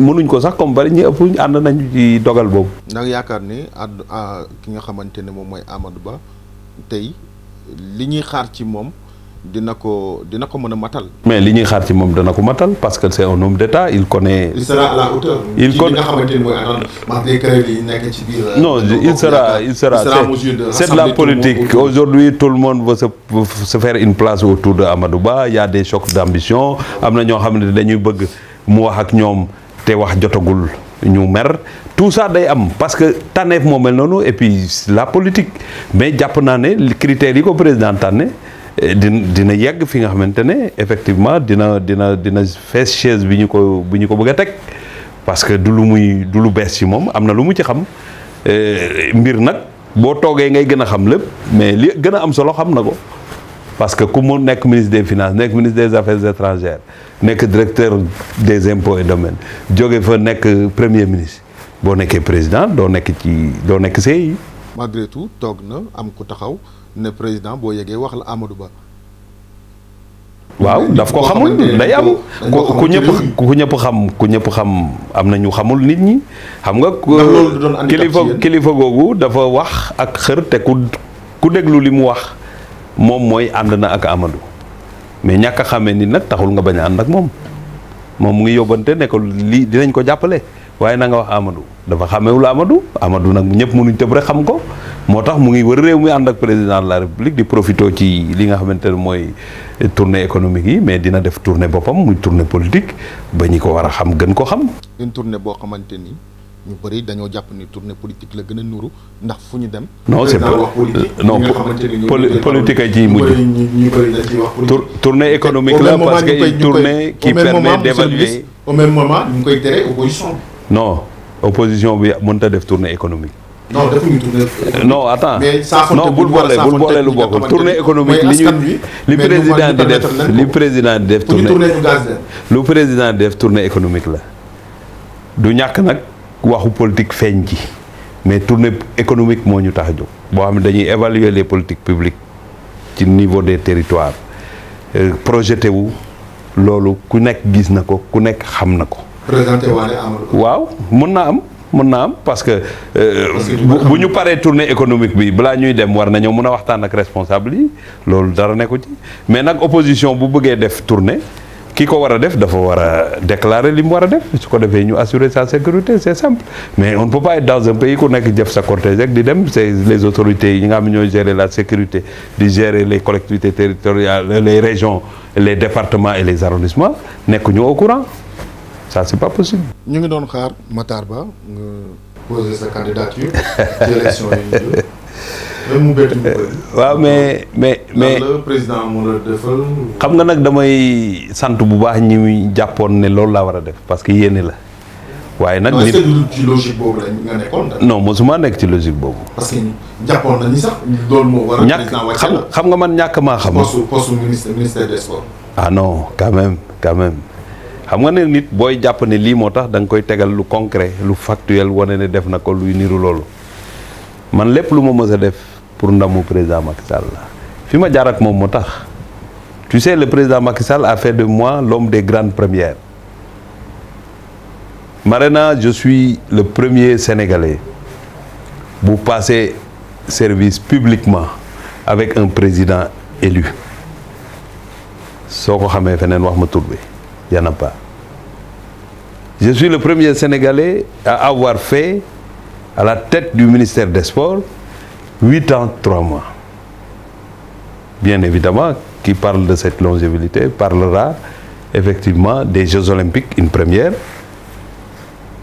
mënuñ ko sax comme bari ñi ëpp ñu ànd nañu di dogal boobu ndax yaakaar ni ad ah, ki nga xamante ne moom mooy Amadou Ba tey li ñuy xaar ci moom dina ko dina ko mën a matal. mais li ñuy xaar ci moom dana ko matal parce que c'est un homme d'État il connaît. il sera il nga xamante ni nekk ci biir. non euh, il sera il sera c'est la politique aujourd'hui tout le monde veut se se faire une place autour de Amadou Ba y des chocs d'ambition am na ñoo xam ne dañuy bëgg mu wax ak ñoom te wax jotagul ñu mer tout ça day am parce que tànneef moo mel noonu et puis la politique mais jàpp naa ne critères yi ko président tànne. din dina yegg fi nga xamante ne effectivement dina dina dina fees chaise bi ñu ko bu ñu ko bëgg a teg parce que du lu muy du lu bees ci moom am na lu mu ci xam euh, mbir nag boo toogee ngay gën a xam lépp mais li gën a am solo xam na ko parce que ku mu nekk ministre des finance nekk ministre des affaires étrangères nekk directeur des impôts et domaines jóge fa nekk premier ministre boo nekkee président doo nekk ci doo nekk CI. malgré tout toog na am ku taxaw. président boo yeggee wax la Amadou Ba. waaw daf ko xamul day am ku ñëpp ñëpp xam ku ñëpp xam am na ñu xamul nit ñi xam nga kilifa kilifa googu dafa wax ak xër te ku ku déglu li mu wax moom mooy ànd na ak Amadou mais ñàkk a xamee ni nag taxul nga bañ a ànd ak moom moom mu ngi yóbbante ne ko lii dinañ ko jàppale waaye nanga wax Amadou dafa xàmmewul amadu amadu nag ñëpp mënuñ tëb rek xam ko moo tax mu ngi wër réew mi ànd ak président de la république di profité ci li nga xamante ne mooy tournée économique yi mais dina def tournée boppam muy tournée politique ba ñi ko war a xam gën ko xam. une boo xamante ni ñu bëri dañoo jàpp ni tournée politique la gën a nuru ndax fu ñu dem. non euh, non politique a ciy mujj. ñu bëri dañ ciy wax la parce que tournée qui permet d'évaluer au moment ñu koy tere opposition bi non opposition bi mënut a def tournée économique. no defuñu tournée économique. non attends non bul boole bul boole lu bokkul tournée économique li ñuy li président di def li président di def tournée lu président def tournée économique la du ñàkk nag waxu politique feeñ ci mais tournée économique moo ñu tax a jóg boo xam ne dañuy évaluer les politiques publiques ci niveau des territoires euh, projeté wu loolu ku nekk gis na ko ku nekk xam na ko waaw mun na am. mën na am parce que euh, bu ñu paree tournée économique bi balaa ñuy dem war nañoo mun a waxtaan ak responsable yi loolu dara nekku ci mais nag opposition bu bëggee def tournée ki ko war a def dafa war a déclarer li mu war a def su ko defee ñu assurer sa sécurité c'est simple mais on ne peut pas être dans un pays ku nekk jëf sa cortège rek di dem c'est les autorités yi nga xam ne ñooy gérer la sécurité di gérer les collectivités territoriales les régions les départements les arrondissements nekkuñu au ça c'est pas possible. ñu ngi doon xaar Matar Ba nga poser sa candidature ci waaw mais mais mais président mu xam nga nag damay sant bu baax ñi muy jàppoon ne loolu laa war a def parce que yéene la waaye nag. nit ci logique boobu la nga nekkoon non mosuma nekk ci logique boobu. parce que jàppoon nañu sax loolu moo war a ñàkk xam nga man ñàkk maa xam. poste poste ministre ministère des sports. ah non quand xam nga ne nit booy jàpp ne lii moo tax da koy tegal lu concret lu factuel wane ne def na ko luy niru loolu man lépp lu ma mës a def pour ndamu président Macky la fi ma jaar moom moo tax tu sais le président Macky Sall a fait de moi l'homme des grandes premières Marena je suis le premier Sénégalais bu passer service publiquement avec un président élu soo ko xamee feneen wax ma tur bi yana Je suis le premier Sénégalais à avoir fait, à la tête du ministère des Sports, 8 ans, 3 mois. Bien évidemment, qui parle de cette longévité parlera effectivement des Jeux Olympiques, une première,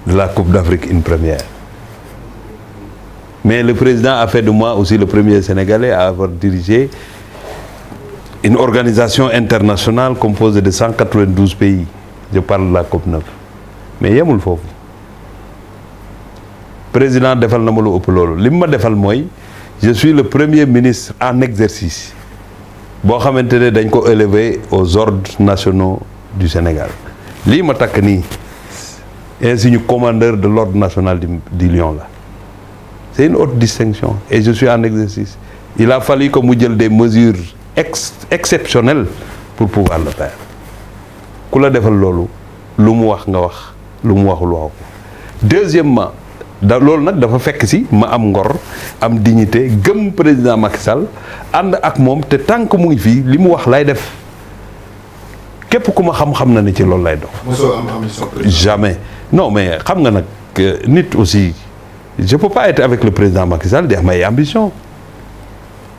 de la Coupe d'Afrique, une première. Mais le président a fait de moi aussi le premier Sénégalais à avoir dirigé une organisation internationale composée de 192 pays. Je parle de la COP9. mais yemul foofu président defal na ma lu ëpp loolu li mu ma defal mooy je suis le premier ministre en exercice boo xamante ne dañ ko élevé aux ordres nationaux du Sénégal lii ma takk nii insigne commandeur de l'ordre national du Lion la seen une haute distinction et je suis en exercice il a fallu ko mu jël de mesures ex exceptionnelles pour pouvoir le faire ku la defal loolu lu mu wax nga wax lu mu waxul waxu ko deuxièmement da loolu nag dafa fekk si ma am ngor am dignité gëm président Macky Sall ànd ak moom te tant mu ngi fii li mu wax lay def képp ku ma xam-xam na ne ci loolu lay dox. mosoo am am jamais non mais xam nga nag nit aussi je peux pas être avec le président Macky Sall di am ay ambition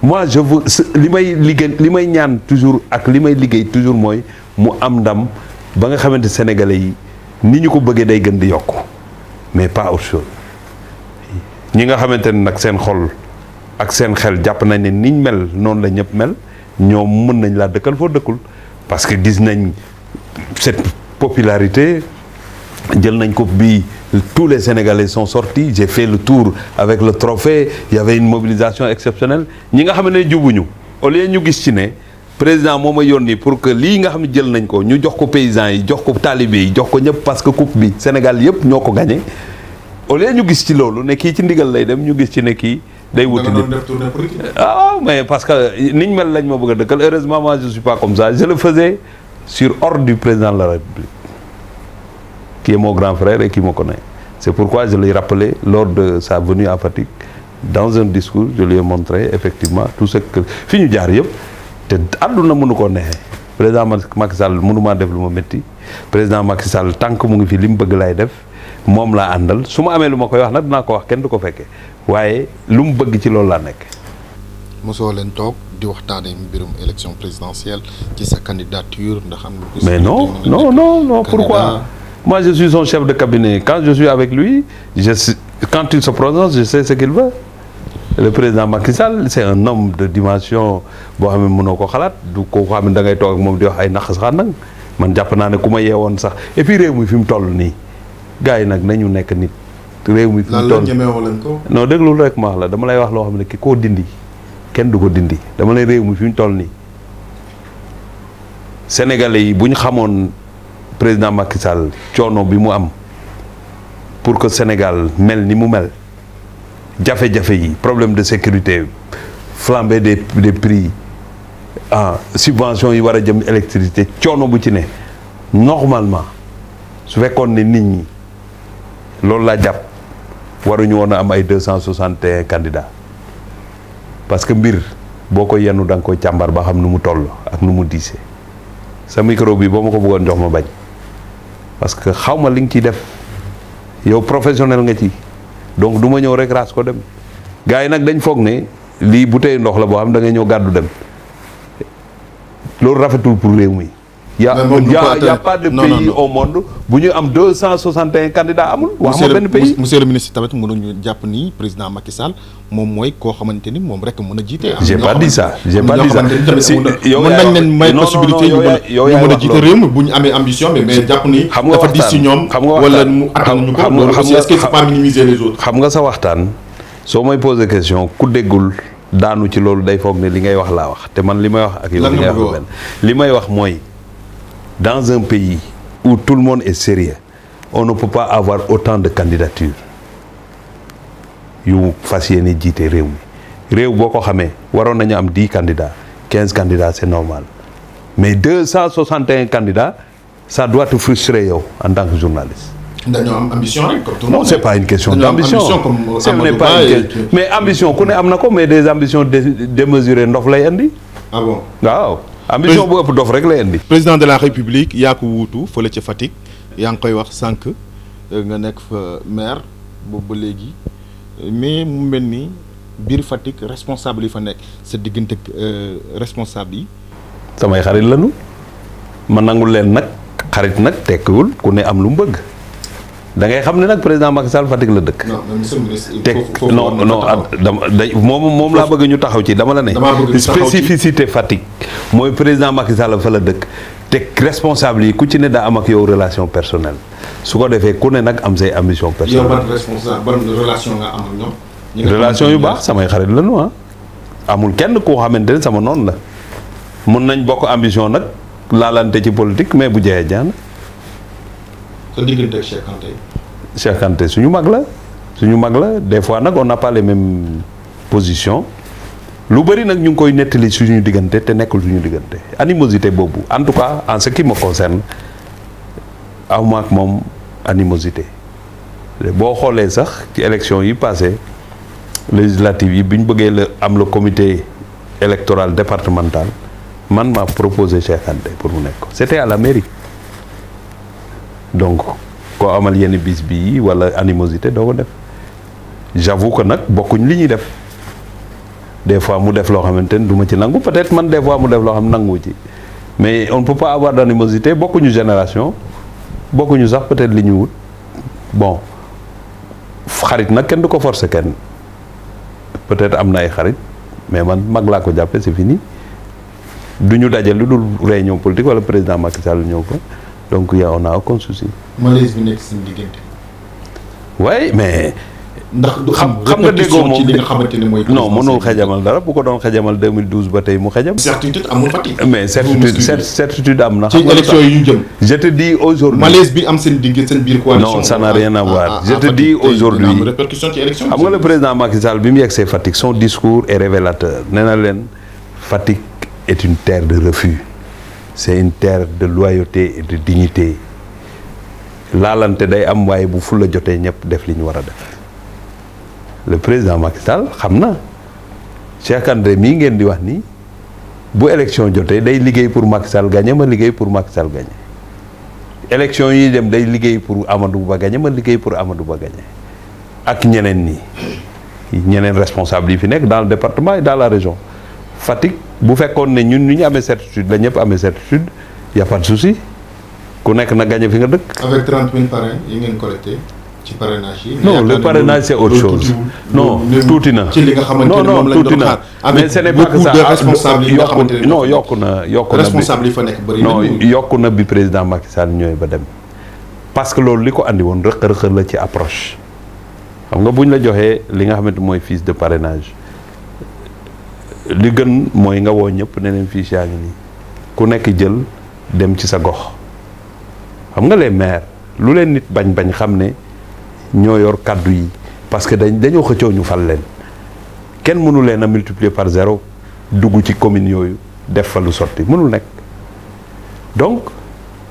moi je veux li may liggéey li may ñaan toujours ak li may liggéey toujours mooy mu am ndam ba nga xamante sénégalais yi. ni ñu ko bëggee day gën di yokku mais pas autre ñi nga xamante ne nag seen xol ak seen xel jàpp nañ ne niñ mel noonu la ñëpp mel ñoom mën nañ laa dëkkal foo dëkkul parce que gis nañ cette popularité jël nañ ko bi tous les Sénégalais son sorti j'ai fait le tour avec le trophée il y avait une mobilisation exceptionnelle ñi nga xam ne jubuñu au lieu ñu gis ci ne président moo ma yónni pour que lii nga xam ne jël nañ ko ñu jox ko paysan yi jox ko taalibe yi jox ko ñëpp parce que coupe bi Sénégal yëpp ñoo ko gagné au lieu ñu gis ci loolu ne kii ci ndigal lay dem ñu gis ci ne kii. day wuti nit ah mais parce que niñ mel lañ ma bëgg a dëkkal heureusement moi je suis pas comme ça je le faisais sur ordre du président de la République qui est mon grand frère et qui me connaît c'est pourquoi je l'ai rappelé lors de sa venue à Fatick dans un discours je lui effectivement tout ce que ñu jaar yëpp. te àdduna mënu koo neexee président Macky Sall mënu maa def lu ma métti président Macky Sall tànk mu ngi fi li mu bëgg lay def moom laa àndal su ma amee lu ma koy wax nag dinaa ko wax kenn du ko fekkee waaye lu mu bëgg ci loolu laa nekk. mosoo leen toog di waxtaan mu mbirum élection présidentielle ci sa candidature ndax am mais non non non non pourquoi. moi je suis son chef de cabinet quand je suis avec lui je suis quand il se prononce je sais ce qu'il veut. le président Macky Sall c'est un homme de dimension boo xam mu noo ko xalaat du ko xam ne da ngay ak moom di wax ay naq sax nag man jàpp naa ne ku ma yeewoon sax et réew mi fi mu toll nii gars yi nag nañu nekk nit. réew mi fi mu toll non déglul rek ma la dama lay wax loo xam ne ki koo dindi kenn du ko dindi dama réew mi fi toll nii sénégalais yi bu ñu xamoon président Macky Sall coono bi mu am pour que Sénégal mel ni mu mel. jafe-jafe yi problème de sécurité flambée des des prix ah subvention yi war a jëm électricité coono bu ci ne normalement su fekkoon ne nit ñi loolu laa jàpp waruñu woon a am ay deux cent soixante et un candidats parce que mbir boo ko yenu da nga koy càmbar ba xam nu mu toll ak nu mu diise sa micro bi boo ma ko bëggoon jox ma bañ parce que xaw ma li nga ciy def yow professionnel nga ci. donc du ma ñëw rek raas ko dem gars yi nag dañ foog ne lii bu bouteille ndox la boo xam da ngay ñëw gàddu dem loolu rafetul pour réew mi. y' a pas de pays au monde bu ñu am deux cent soixante et un candidats amul. wax ma benn pays monsieur le ministre tamit mënuñu jàpp ni président Macky Sall moom mooy koo xamante ni moom rek mën a jiite. j'ai pas dit ça j'ai pas dit ça si yow yaa mën a jiite réew mi bu amee ambition mais jàpp ni. xam nga dafa waxtaan wala mu attanuñu que c'est soo may poser question ku déggul daanu ci loolu day foog ne li ngay wax laa wax te man li may wax ak yow li ngay wax li may wax mooy dans un pays où tout le monde est sérieux on ne peut pas avoir autant de candidatures yu fas yéene jiite réew mi réew boo ko xamee waroon nañu am dix candidats quinze candidats c'est normal mais deux cent soixante et un candidats ça doit te frustrer yow en tant que journaliste. dañoo am ambition rek non c'est pas une question d'ambition ce n'est pas une question mais ambition ku ne am na ko mais des ambitions démesurées ndof lay andi. Ah waaw. ambition bu ëpp dof rek lay indi. président de la république yaa ko wuutu fële ca Fatick yaa nga koy wax sànq euh, nga nekk fa maire boobu ba léegi mais mu mel ni biir Fatick responsable yi fa nekk sa diggante euh, responsable yi. samay xarit lanu ma nangu leen nag xarit nag tekkiwul ku ne am lu mu bëgg. da ngay xam ne nag président Macky Sall Fatick la dëkk. non non non dama day moom moom laa bëgg ñu taxaw ci dama la ne. spécificité Fatick. mooy président Macky Sall fa la dëkk te responsable yi ku ci ne daa am yow relation personnelle su ko defee ku ne nag am say ambition personnelle. yow ban responsable relation yu baax samay xarit la ñu ah. amul kenn koo xamante ne sama noon la mun nañ bokk ambition nag laalante ci politique mais bu jeexee jaan. sa diggante ak Cheikh suñu mag la suñu mag la des fois nag on n'a pas les mêmes lu bëri nag ñu ngi koy nettali suñu diggante te nekkul suñu diggante animosité boobu en tout cas en ce qui me concerne awma ak moom animosité boo xoolee sax ci élection yi passé législative yi bi ñu bëggee la am la comité électoral départemental man ma proposer Cheikh Kanté pour mu nekk ko c'était à la mairie donc koo amal yenn bis bi wala animosité doo ko def j'avoue que nag bokkuñ li ñuy def des fois mu def loo xamante ni du ma ci nangu peut-être man des fois mu def loo xam nangu ci mais on ne peut pas avoir d'animosité bokkuñu génération bokkuñu sax peut-être li ñu wut bon xarit nag kenn du ko forcer kenn peut-être am na ay xarit mais man mag laa ko jàppe c'est fini du ñu dajal lu dul réunion politique wala président Macky Sall ñëw ko donc yow on a aucun souci. malaise bi nekk suñu diggante. waaye mais. ndax du xam xam nga déggoo moom ci xamante ne mooy. non mënul xajamal dara bu ko doon xajamal 2012 ba tey mu xajam. certitude amul Fatick. mais certitude certitude am na. xam nga élection yi ñu jëm. je te dis aujourd'hui malaise bi am seen digg seen biir coalition. non ça n'a rien à ah, voir ah, ah, je te xam nga le président Macky bi mu yegsee Fatick son discours est révélateur nee leen Fatick est une terre de refus. c'est une terre de loyauté et de dignité laalante day am waaye bu fulla jotee ñëpp def li ñu war a def le président Macky Sall xam na Cheikh André mii ngeen di wax nii bu élection jotee day liggéey pour Macky Sall gagné ma liggéey pour Macky Sall gagné élection yi dem day liggéey pour amadu Ba gagné ma liggéey pour amadu Ba gagné ak ñeneen ñi ñeneen responsable yi fi nekk dans le département daal dans la région Fatick. bu fekkoon ne ñun ñu ñu amee certitude la ñëpp amee certitude y' a pas de souci ku nekk na gagné fi nga dëkk. avec trente mille parrains yi ngeen collecté ci parrainage yi. non le parrainage chose. non tuuti na ci li nga xamante ne moom lañ doon xaar. mais ce n' est pas que xamante ne non yokku na yokk na responsable yi fa bëri non yokku na bi président Macky Sall ñëwee ba dem. parce que loolu li ko andi woon rëq-rëq la ci approche xam nga bu la joxee li nga xamante mooy fiche de parrainage. li gën mooy nga woo ñëpp ne fii fiche yaa ngi nii ku nekk jël dem ci sa gox xam nga les maires lu leen nit bañ bañ xam ne ñoo yor kàddu yi parce que dañ dañoo xëccoo ñu fal leen kenn mënu leen a multiplier par zéro dugg ci commune yooyu def fa lu sotti mënul nekk donc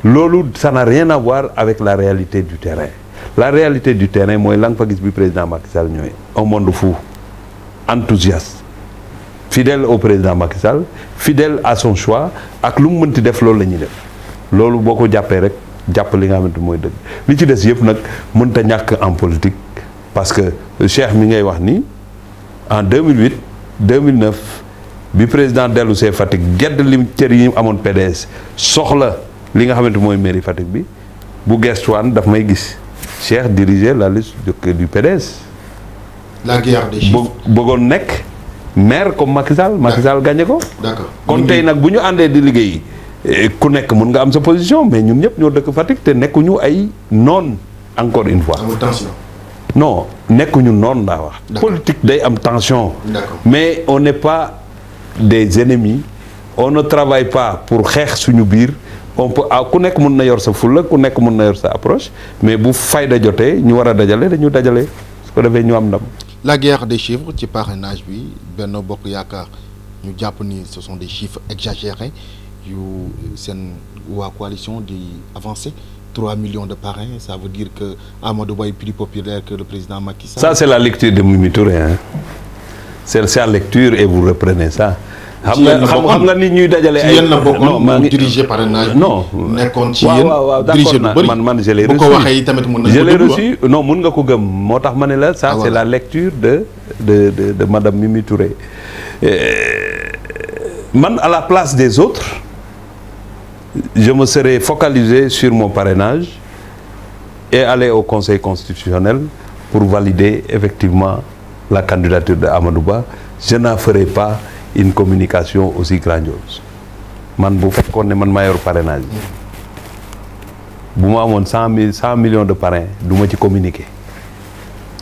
loolu ça n'a rien à avec la réalité du terrain la réalité du terrain mooy lang nga fa gis bi président Macky Sall ñooy un monde fou enthousiaste fidèle au président Macky Sall fidèle à son choix ak lu mu mënti def loolu la ñuy def loolu boo ko jàppee rek jàpp li nga xamante mooy dëgg li ci des yëpp nag mënta ñàkk en politique parce que Cheikh mi ngay wax ni en 2008 2009 bi président dellu see Fatick gedd lim cër yi amoon PDS soxla li nga xamante mooy mairie Fatick bi bu gestuwaan daf may gis Cheikh dirigeait la liste du PDS. la guerre des bëggoon nekk. maire comme Macky Sall Macky ko. d'accord kon tey nag bu ñu àndee di liggéey eh, ku nekk mun nga am sa position mais ñun ñëpp ñoo dëkk Fatick te ñu ay noon encore une fois. amul tension. non nekkuñu noon daa wax. politique day am tension. mais on n'est pas des ennemis on ne travaille pas pour xeex suñu biir. on peut ah ku nekk mun na yor sa fulla ku nekk mun na yor sa approche mais bu fayda jotee ñu war a dajale dañu dajale su ko defee ñu am ndam. la guerre des chiffres ci parrainage bi Benno Bokk Yaakaar ñu jàpp ni ce sont des chiffres exagérés yu seen waa coalition di avancer trois millions de parrains ça veut dire que Amadou Ba est plus populaire que le président Macky Sall. ça c'est la lecture de Mimi Touré hein c'est sa lecture et vous reprenez ça. xam nga xam nga nit ñuy dajale ay yéen la bokkoon non dirigé parrainage non nekkoon ci yéen waaw waaw dirigé lu bëri man man je l'ai reçu bu ko waxee tamit mun na je l'ai reçu non mun nga ko gëm moo tax ma ne la ça ah, c'est la lecture de de de de madame Mimi euh, man à la place des autres je me serais focalisé sur mon parrainage et aller au conseil constitutionnel pour valider effectivement la candidature de Amadou Ba je na ferai pas une communication aussi grandiose man bu fekkoon ne man maa yor parrainage bi bu ma amoon cent mille cent millions de parrain duma ci communiquer.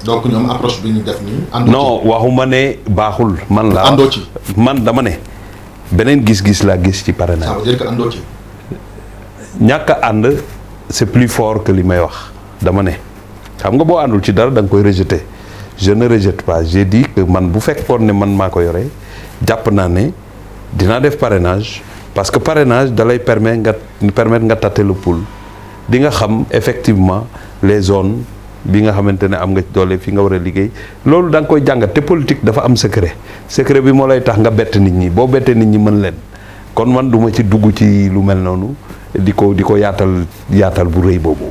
donc ñoom approche bi ñu non waxuma ne baaxul man la àndoo ci man dama ne beneen gis-gis laa gis ci parrainage. ça ñàkk ànd c'est plus fort que li may wax dama ne xam nga boo àndul ci dara da nga koy rejeter jeune ne rejette pas j'ai que man bu fekkoon ne man maa ko yore. jàpp naa ne dinaa def parrainage parce que parrainage dalay permet nga permettre nga tâter le pouls nga xam effectivement les zones bi nga xamante ne am nga doole fi nga war a liggéey loolu danga koy jàngat te politique dafa am secret secret bi moo lay tax nga bett nit ñi boo bettee nit ñi mën leen kon man duma ci dugg ci lu mel noonu di ko di ko yaatal yaatal bu rëy boobu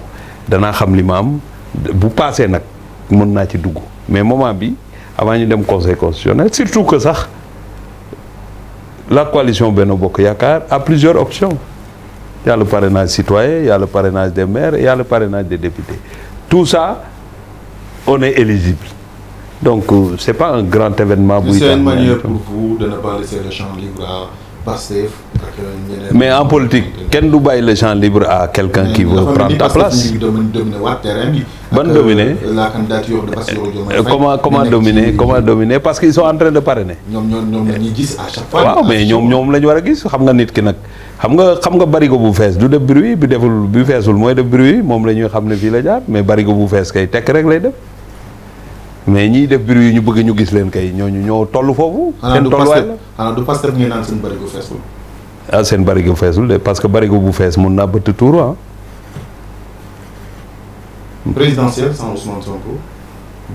danaa xam li ma am bu paasee nag mën naa ci dugg mais moment bi avant ñu dem conseil constitutionnel surtout que sax la coalition Benno Bokk Yaakaar a plusieurs options il y a le parrainage citoyen il y a le parrainage des maires il le parrainage des députés tout ça on est éligible donc euh, c'est pas un grand événement. buy tax de ne pas le champ libre à Pastef. mais en politique kenn du bàyyi le champ libre à quelqu'un qui veut prendre ta place ban dominer comment comment dominer comment dominer parce qu'ils sont en train de parrainer waaw mais ñoom ñoom la ñu war a gis xam nga nit ki nag xam nga xam nga barigo bu fees du def bruit bi deful bi feesul mooy def bruit moom la ñuy xam ne fii la jaar mais barigo bu fees kay tekk rek lay def mais ñiy def bruit yi ñu bëgg ñu gis leen kay ñooñu ñoo toll foofu seen tolluwaay la xanaa ah seen barigo feesul de parce que barigo bu fees mun naa bëtt tuuru ah. présidentielle sans Ousmane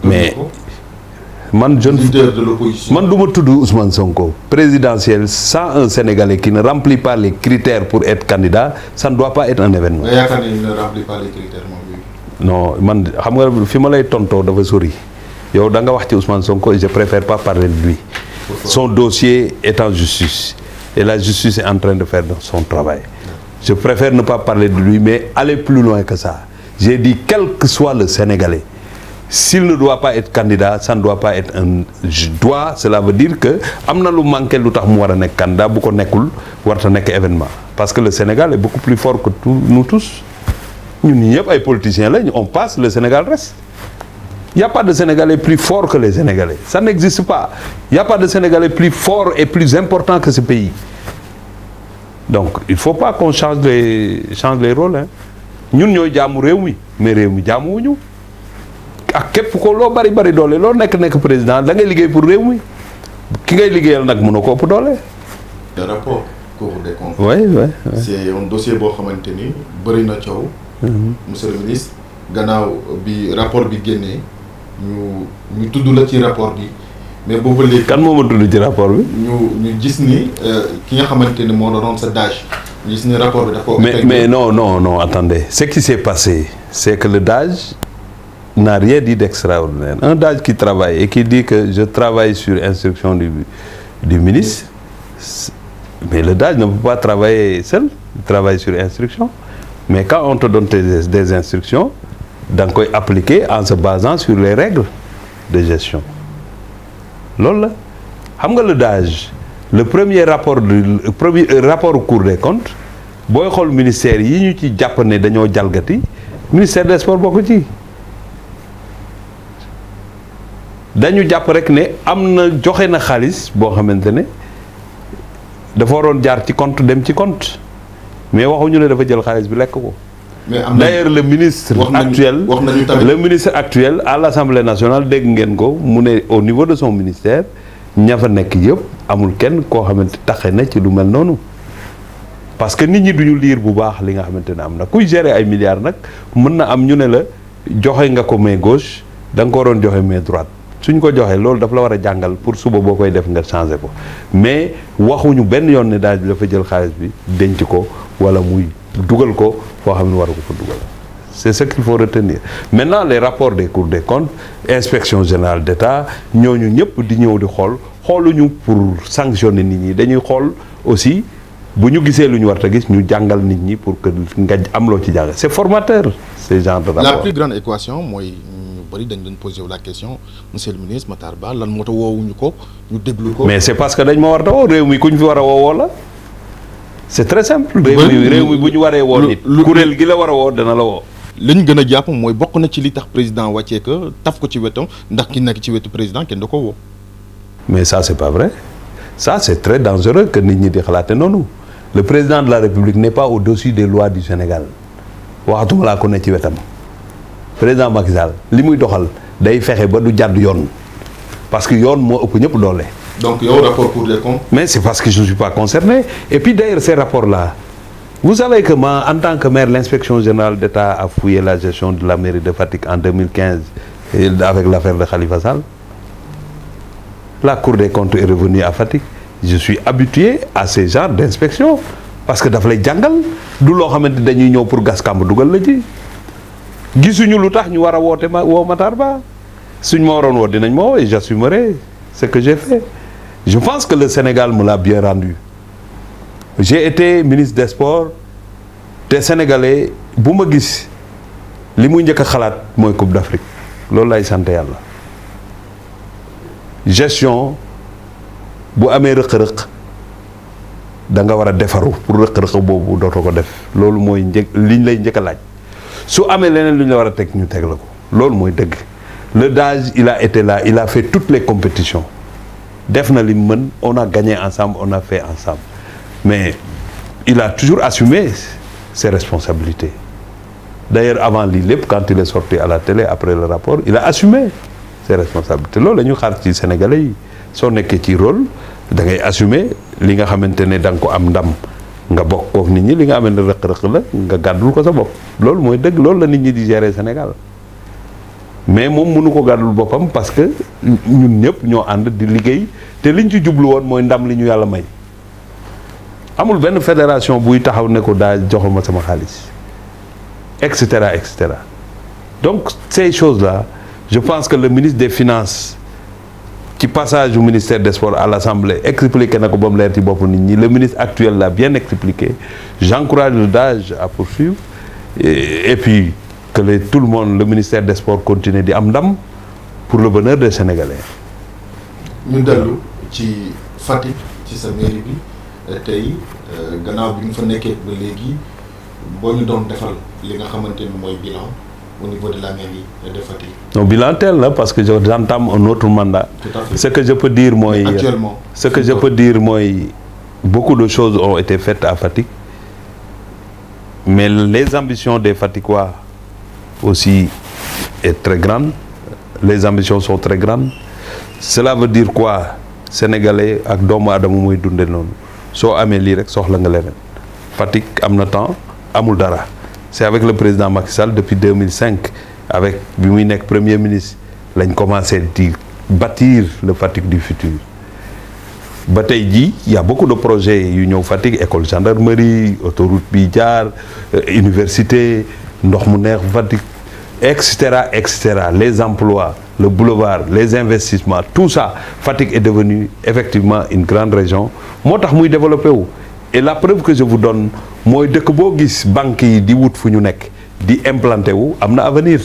mais man je man du ma tudd Ousmane Sonko présidentielle sans un Sénégalais qui ne rempli par le critères pour être candidat san ne doit pas être un événement. nga yaakaar ne man xam nga fi ma lay tontoo dafa sori yow da nga wax ci Ousmane Sonko je préfère pas parler de lui. son dossier est en justice. Et la justice est en train de faire son travail. Je préfère ne pas parler de lui, mais aller plus loin que ça. J'ai dit, quel que soit le Sénégalais, s'il ne doit pas être candidat, ça ne doit pas être un doit, cela veut dire que amna lu manqué lu tax mu wara nek candidat bu ko nekul ta nek événement parce que le Sénégal est beaucoup plus fort que tout, nous tous. Nous, ñëpp ay politiciens lañ, on passe, le Sénégal reste. Il pas de Sénégalais plus fort que les Sénégalais. Ça n'existe pas. Il n'y a pas de Sénégalais plus fort et plus important que ce pays. Donc, il faut pas qu'on change role change les rôles. Hein. Nous, nous sommes réunis, mais réunis, nous ak képp ko loo bari bari doole loo nekk nekk président da ngay liggéey pour réew mi ki ngay liggéeyal nag mën a ko ëpp doole. le rapport Cour des comptes. oui oui c' un dossier boo xamante ni bëri na coow. Mhm. monsieur le ministre gannaaw bi rapport bi génnee. ñu ñu tudd la ci rapport bi mais boobu li kan moo ma tudd ci rapport bi. ñu ñu gis ni euh, ki nga xamante ni moo doon sa DAGE. ñu gis ni rapport bi dafa. mais mais no no non attendez ce qui s'est passé c'est que le DAGE n'a rien dit d'extraordinaire un DAGE qui travaille et qui di que je travaille sur instruction du du ministre mais le daaj ne peut pas travailler seul il travaille sur instruction mais quand on te des instructions danga koy appliquer en se basant sur les règles de gestion loolu la xam nga le DAGE le premier rapport du premier euh, rapport Cour des comptes booy xool ministère yi ñu ci jàpp ne dañoo jalgati ministère des sports bokk ci dañu jàpp rek ne am na joxe na xaalis boo xamante ne dafa waroon jaar ci compte dem ci compte mais waxuñu ne dafa jël xaalis bi lekk ko. d'ailleurs le ministre actuel le ministre actuel à l'Assemblée nationale dégg ngeen ko mu ne au niveau de son ministère ña fa nekk yëpp amul kenn koo xamante taxe na ci lu mel noonu parce que nit ñi duñu liir bu baax li nga xamante ne am na kuy gérer ay milliards nag mën na am ñu ne la joxe nga ko main gauche da nga ko waroon joxe main droite suñ ko joxee loolu daf la war a jàngal pour suba boo koy def nga changé ko mais waxuñu benn yoon ne daal di la fa jël xaalis bi denc ko wala muy dugal ko foo xam ne waru ko fa dugal c'est ce qu'il faut retenir maintenant les rapports des cours des comptes inspection générale d'État ñooñu ñëpp di ñëw di xool xooluñu pour sanctionner nit ñi dañuy xool aussi bu ñu gisee lu ñu war gis ñu jàngal nit ñi pour que nga am loo ci jàngal c'est formateur ces genre de rapport la plus grande équation mooy ñu bëri dañ doon poser la question monsieur le ministre Matar Ba lan moo tax woowuñu ko ñu déglu ko mais c'est parce que dañ ma war a war a woowoo la c'est très simple. réew mi bu ñu waree woon nit. kuréel gi la war a woo dana la woo. li ñu gën a jàpp mooy bokk na ci li tax président wàccee que taf ko ci wetam ndax ki nag ci wetu président kenn da ko woo. mais ça c'est pas vrai ça c'est très dangereux que nit ñi di xalaate noonu le président de la république ne pas au-dessus des lois du Sénégal waxatuma laa ko ne ci wetam président Macky Sall li muy doxal day fexe ba du jàdd yoon parce que yoon moo ëpp ñëpp doole. Donc yow y rapport Cour des comptes Mais c'est parce que je ne suis pas concerné. Et puis d'ailleurs, ces rapports-là, vous que moi, en tant que maire, l'inspection générale d'État a fouillé la gestion de la mairie de Fatigue en 2015 et avec l'affaire de Khalifa Sall. La Cour des comptes est revenue à Fatigue. Je suis habitué à ces genres d'inspection parce que daf lay jàngal du loo xamante dañuy ñëw pour gas kàmb dugal la ci gisuñu lu tax ñu war a woote ma woo Matar Ba suñ ma waroon dinañ ma woo et j'assumerai ce que Je pense que le Sénégal me l'a bien rendu. J'ai été ministre des Sports, des Sénégalais, bu ma gis li muy njëkk xalaat mooy Coupe d'Afrique loolu laay sant yàlla gestion bu amee rëq-rëq danga war a defaru pour rëq-rëq boobu dootoo ko def loolu mooy njëkk liñ lay njëkk laaj su amee leneen lu ñu la war a teg ñu teg la ko loolu mooy dëgg le DAGE il a été là il a fait toutes les compétition def na li mu mën on a gagné ensemble on a fait ensemble mais il a toujours assumé se responsabilités d'ailleurs avant lii lépp quand il est sorti à la télé après le rapport il a assumé ses responsabilités loolu la ñu xaar ci sénégalais yi soo nekkee ci role dangay ngay li nga xamante ne danga nga ko am ndam nga bokk kook nit ñi li nga amee ne rëq-rëq la nga gàddul ko sa bopp loolu mooy dëgg loolu la nit ñi di gérer Sénégal mais moom mënu ko gàddul boppam parce que ñun ñëpp ñoo ànd di liggéey te liñ ci jublu woon mooy ndam li ñu yàlla may amul benn fédération buy taxaw ne ko daa joxal ma sama xaalis et cetera et cetera donc ces choses là je pense que le ministre des finances ci passage du ministère des sports à l'assemblée expliqué na ko ba mu leer ci bopp nit ñi le ministre actuel l'a bien expliqué j'encourage le DAGE à poursuivre et, et puis que les, tout le monde le ministère des sports continue di am ndam pour le bonheur de sénégalais. ñu dellu ci Fatick ci sa mairie bi euh, tey euh, gannaaw bi ñu fa nekkee ba léegi boo ñu doon defal li nga xamante ni mooy bilan au niveau de la mairie de Fatick. non bilan tel na parce que j'entame un autre mandat. ce que je peux dire mooy. actuellement ce que beaucoup de choses ont été faites à Fatick mais les ambitions des Fatickois. aussi est très grande. Les ambitions sont très grandes. Cela veut dire quoi Sénégalais ak doomu aadama mooy dundee noonu soo amee lii rek soxla nga leneen Fatick am na temps amul dara c'est avec le président Macky Sall depuis 2005 avec bi muy nekk premier ministre lañ commencé di bâtir le Fatick du futur. ba tey ji y a beaucoup de projets yu ñëw Fatick école gendarmerie autoroute bi jaar euh, université ndox mu neex Fatick et cetera et cetera les emplois le boulevard les investissements tout ça Fatick est devenu effectivement une grande région moo tax muy développé wu et la preuve que je vous donne mooy dëkk boo gis banques yi di wut fu ñu nekk di implanté wu am na avenir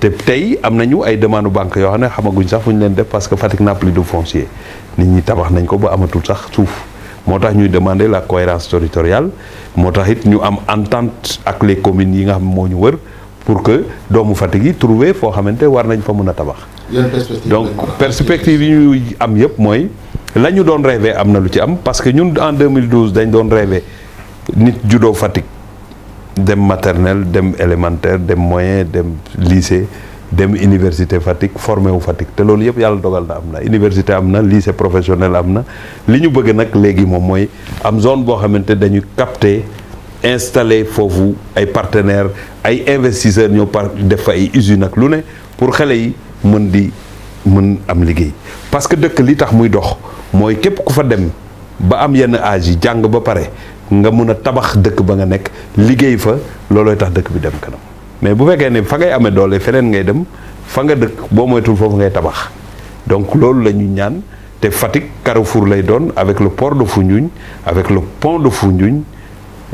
te tey am ñu ay demande banque yoo xam ne xamaguñ sax fu ñu leen def parce que Fatick n'a plus de foncier nit ñi tabax nañ ko ba amatul sax suuf moo tax ñuy demander la cohérence territoriale moo taxit ñu am entente ak les communes yi nga xam moo ñu wër pour que doomu Fatick yi trouver foo xamante war nañ fa mën a tabax. donc perspective yi ñu am yëpp mooy la ñu doon rêvé am na lu ci am parce que ñun en 2012 dañ doon rêvé nit juddoo Fatick dem maternelle dem élémentaire dem moyen dem lycée. dem université Fatick formé wu Fatick te loolu yëpp yàlla dogal na am na université am na lycée professionnel am na li ñu bëgg nag léegi moom mooy am zone boo xamante dañuy capter installer foofu ay partenaires ay investisseurs ñoo par def ay usines ak lu ne pour xale yi mën di mën am liggéey parce que dëkk li tax muy dox mooy képp ku fa dem ba am yenn âge yi jàng ba pare nga mun a tabax dëkk ba nga nekk liggéey fa loolooy tax dëkk bi dem kanam. mais bu fekkee ne fa ngay amee doole feneen ngay dem fa nga dëkk boo moytul foofu ngay tabax donc loolu la ñu ñaan te Fatick Carrefour lay doon avec le port de Foundiougne avec le pont de Foundiougne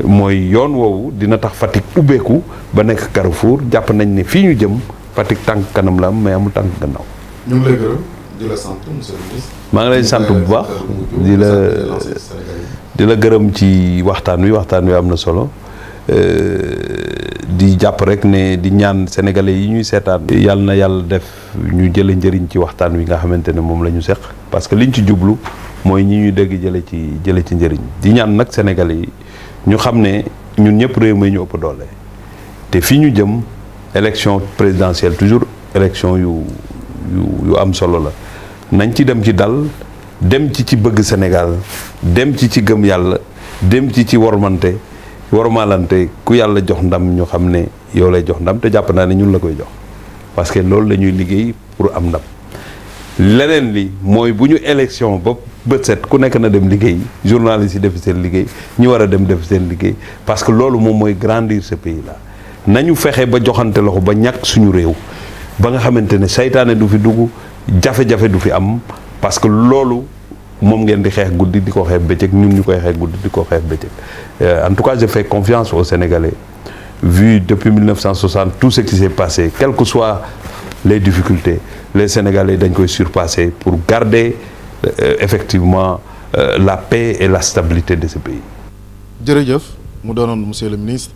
mooy yoon woowu dina tax Fatick ubbeeku ba nekk Carrefour jàpp nañ ne fii ñu jëm Fatick tànk kanam la am mais amul tànk gannaaw. ñu di la sant maa ngi lay sant bu baax di la di la gërëm ci waxtaan wi waxtaan wi am na solo. Euh, di jàpp rek ne di ñaan sénégalais yi ñuy seetaan yàlla na yàlla def ñu jële njëriñ ci waxtaan wi nga xamante ne moom la ñu seq parce que liñ ci jublu mooy ñi ñuy dégg jële ci jële ci njëriñ di ñaan nag sénégalais yi ñu xam ne ñun ñëpp réew mi ñu ëpp doole te fi ñu jëm élection présidentielle toujours élection yu yu yu am solo la nañ ci dem ci dal dem ci ci bëgg Sénégal dem ci ci gëm yàlla dem ci ci wormante warumaalante ku yàlla jox ndam ñu xam ne yow lay jox ndam te jàpp naa ne ñun la koy jox parce que loolu lañuy liggéey pour am ndam leneen li mooy bu ñu élection ba bët set ku nekk na dem liggéey journalistes yi def seen liggéey ñu war a dem def seen liggéey parce que loolu moom mooy grandir ce pays là nañu fexe ba joxante loxo ba ñàkk suñu réew ba nga xamante ne saytaane du fi dugg jafe-jafe du fi am parce loolu moom ngeen di xeex guddi di ko xeex bëccëg ñun ñu koy xeex guddi di ko xeex bëccëg euh, en tout cas je fais confiance aux Sénégalais vu depuis 1960 tout ce qui s'est passé quelles que soient les difficultés les Sénégalais dañ koy surpasser pour garder euh, effectivement euh, la paix et la stabilité de ce pays. jërëjëf mu doonoon monsieur le ministre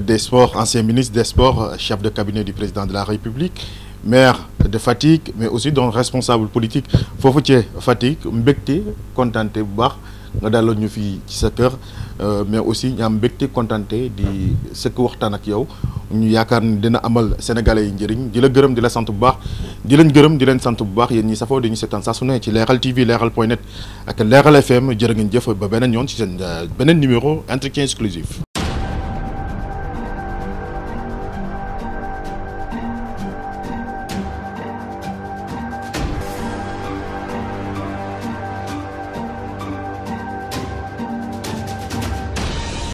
des sports ancien ministre de sports chef de cabinet du président de la République. maire de Fatick mais aussi donc responsable politique foofu ci Fatick mbégte kontante bu baax nga dalal ñu fii ci sa kër euh, mais aussi ñu am mbégte kontante di sëkk waxtaan ak yow ñu yaakaar ni dina amal sénégalais yi njëriñ di la gërëm di la sant bu baax di leen gërëm di leen sant bu baax yen ñi safoo dañu seetaan saa su ne ci leeral TV leeral point net ak leeral FM jërë ngeen jëf ba beneen yoon ci seen euh, beneen numéro entretien exclusif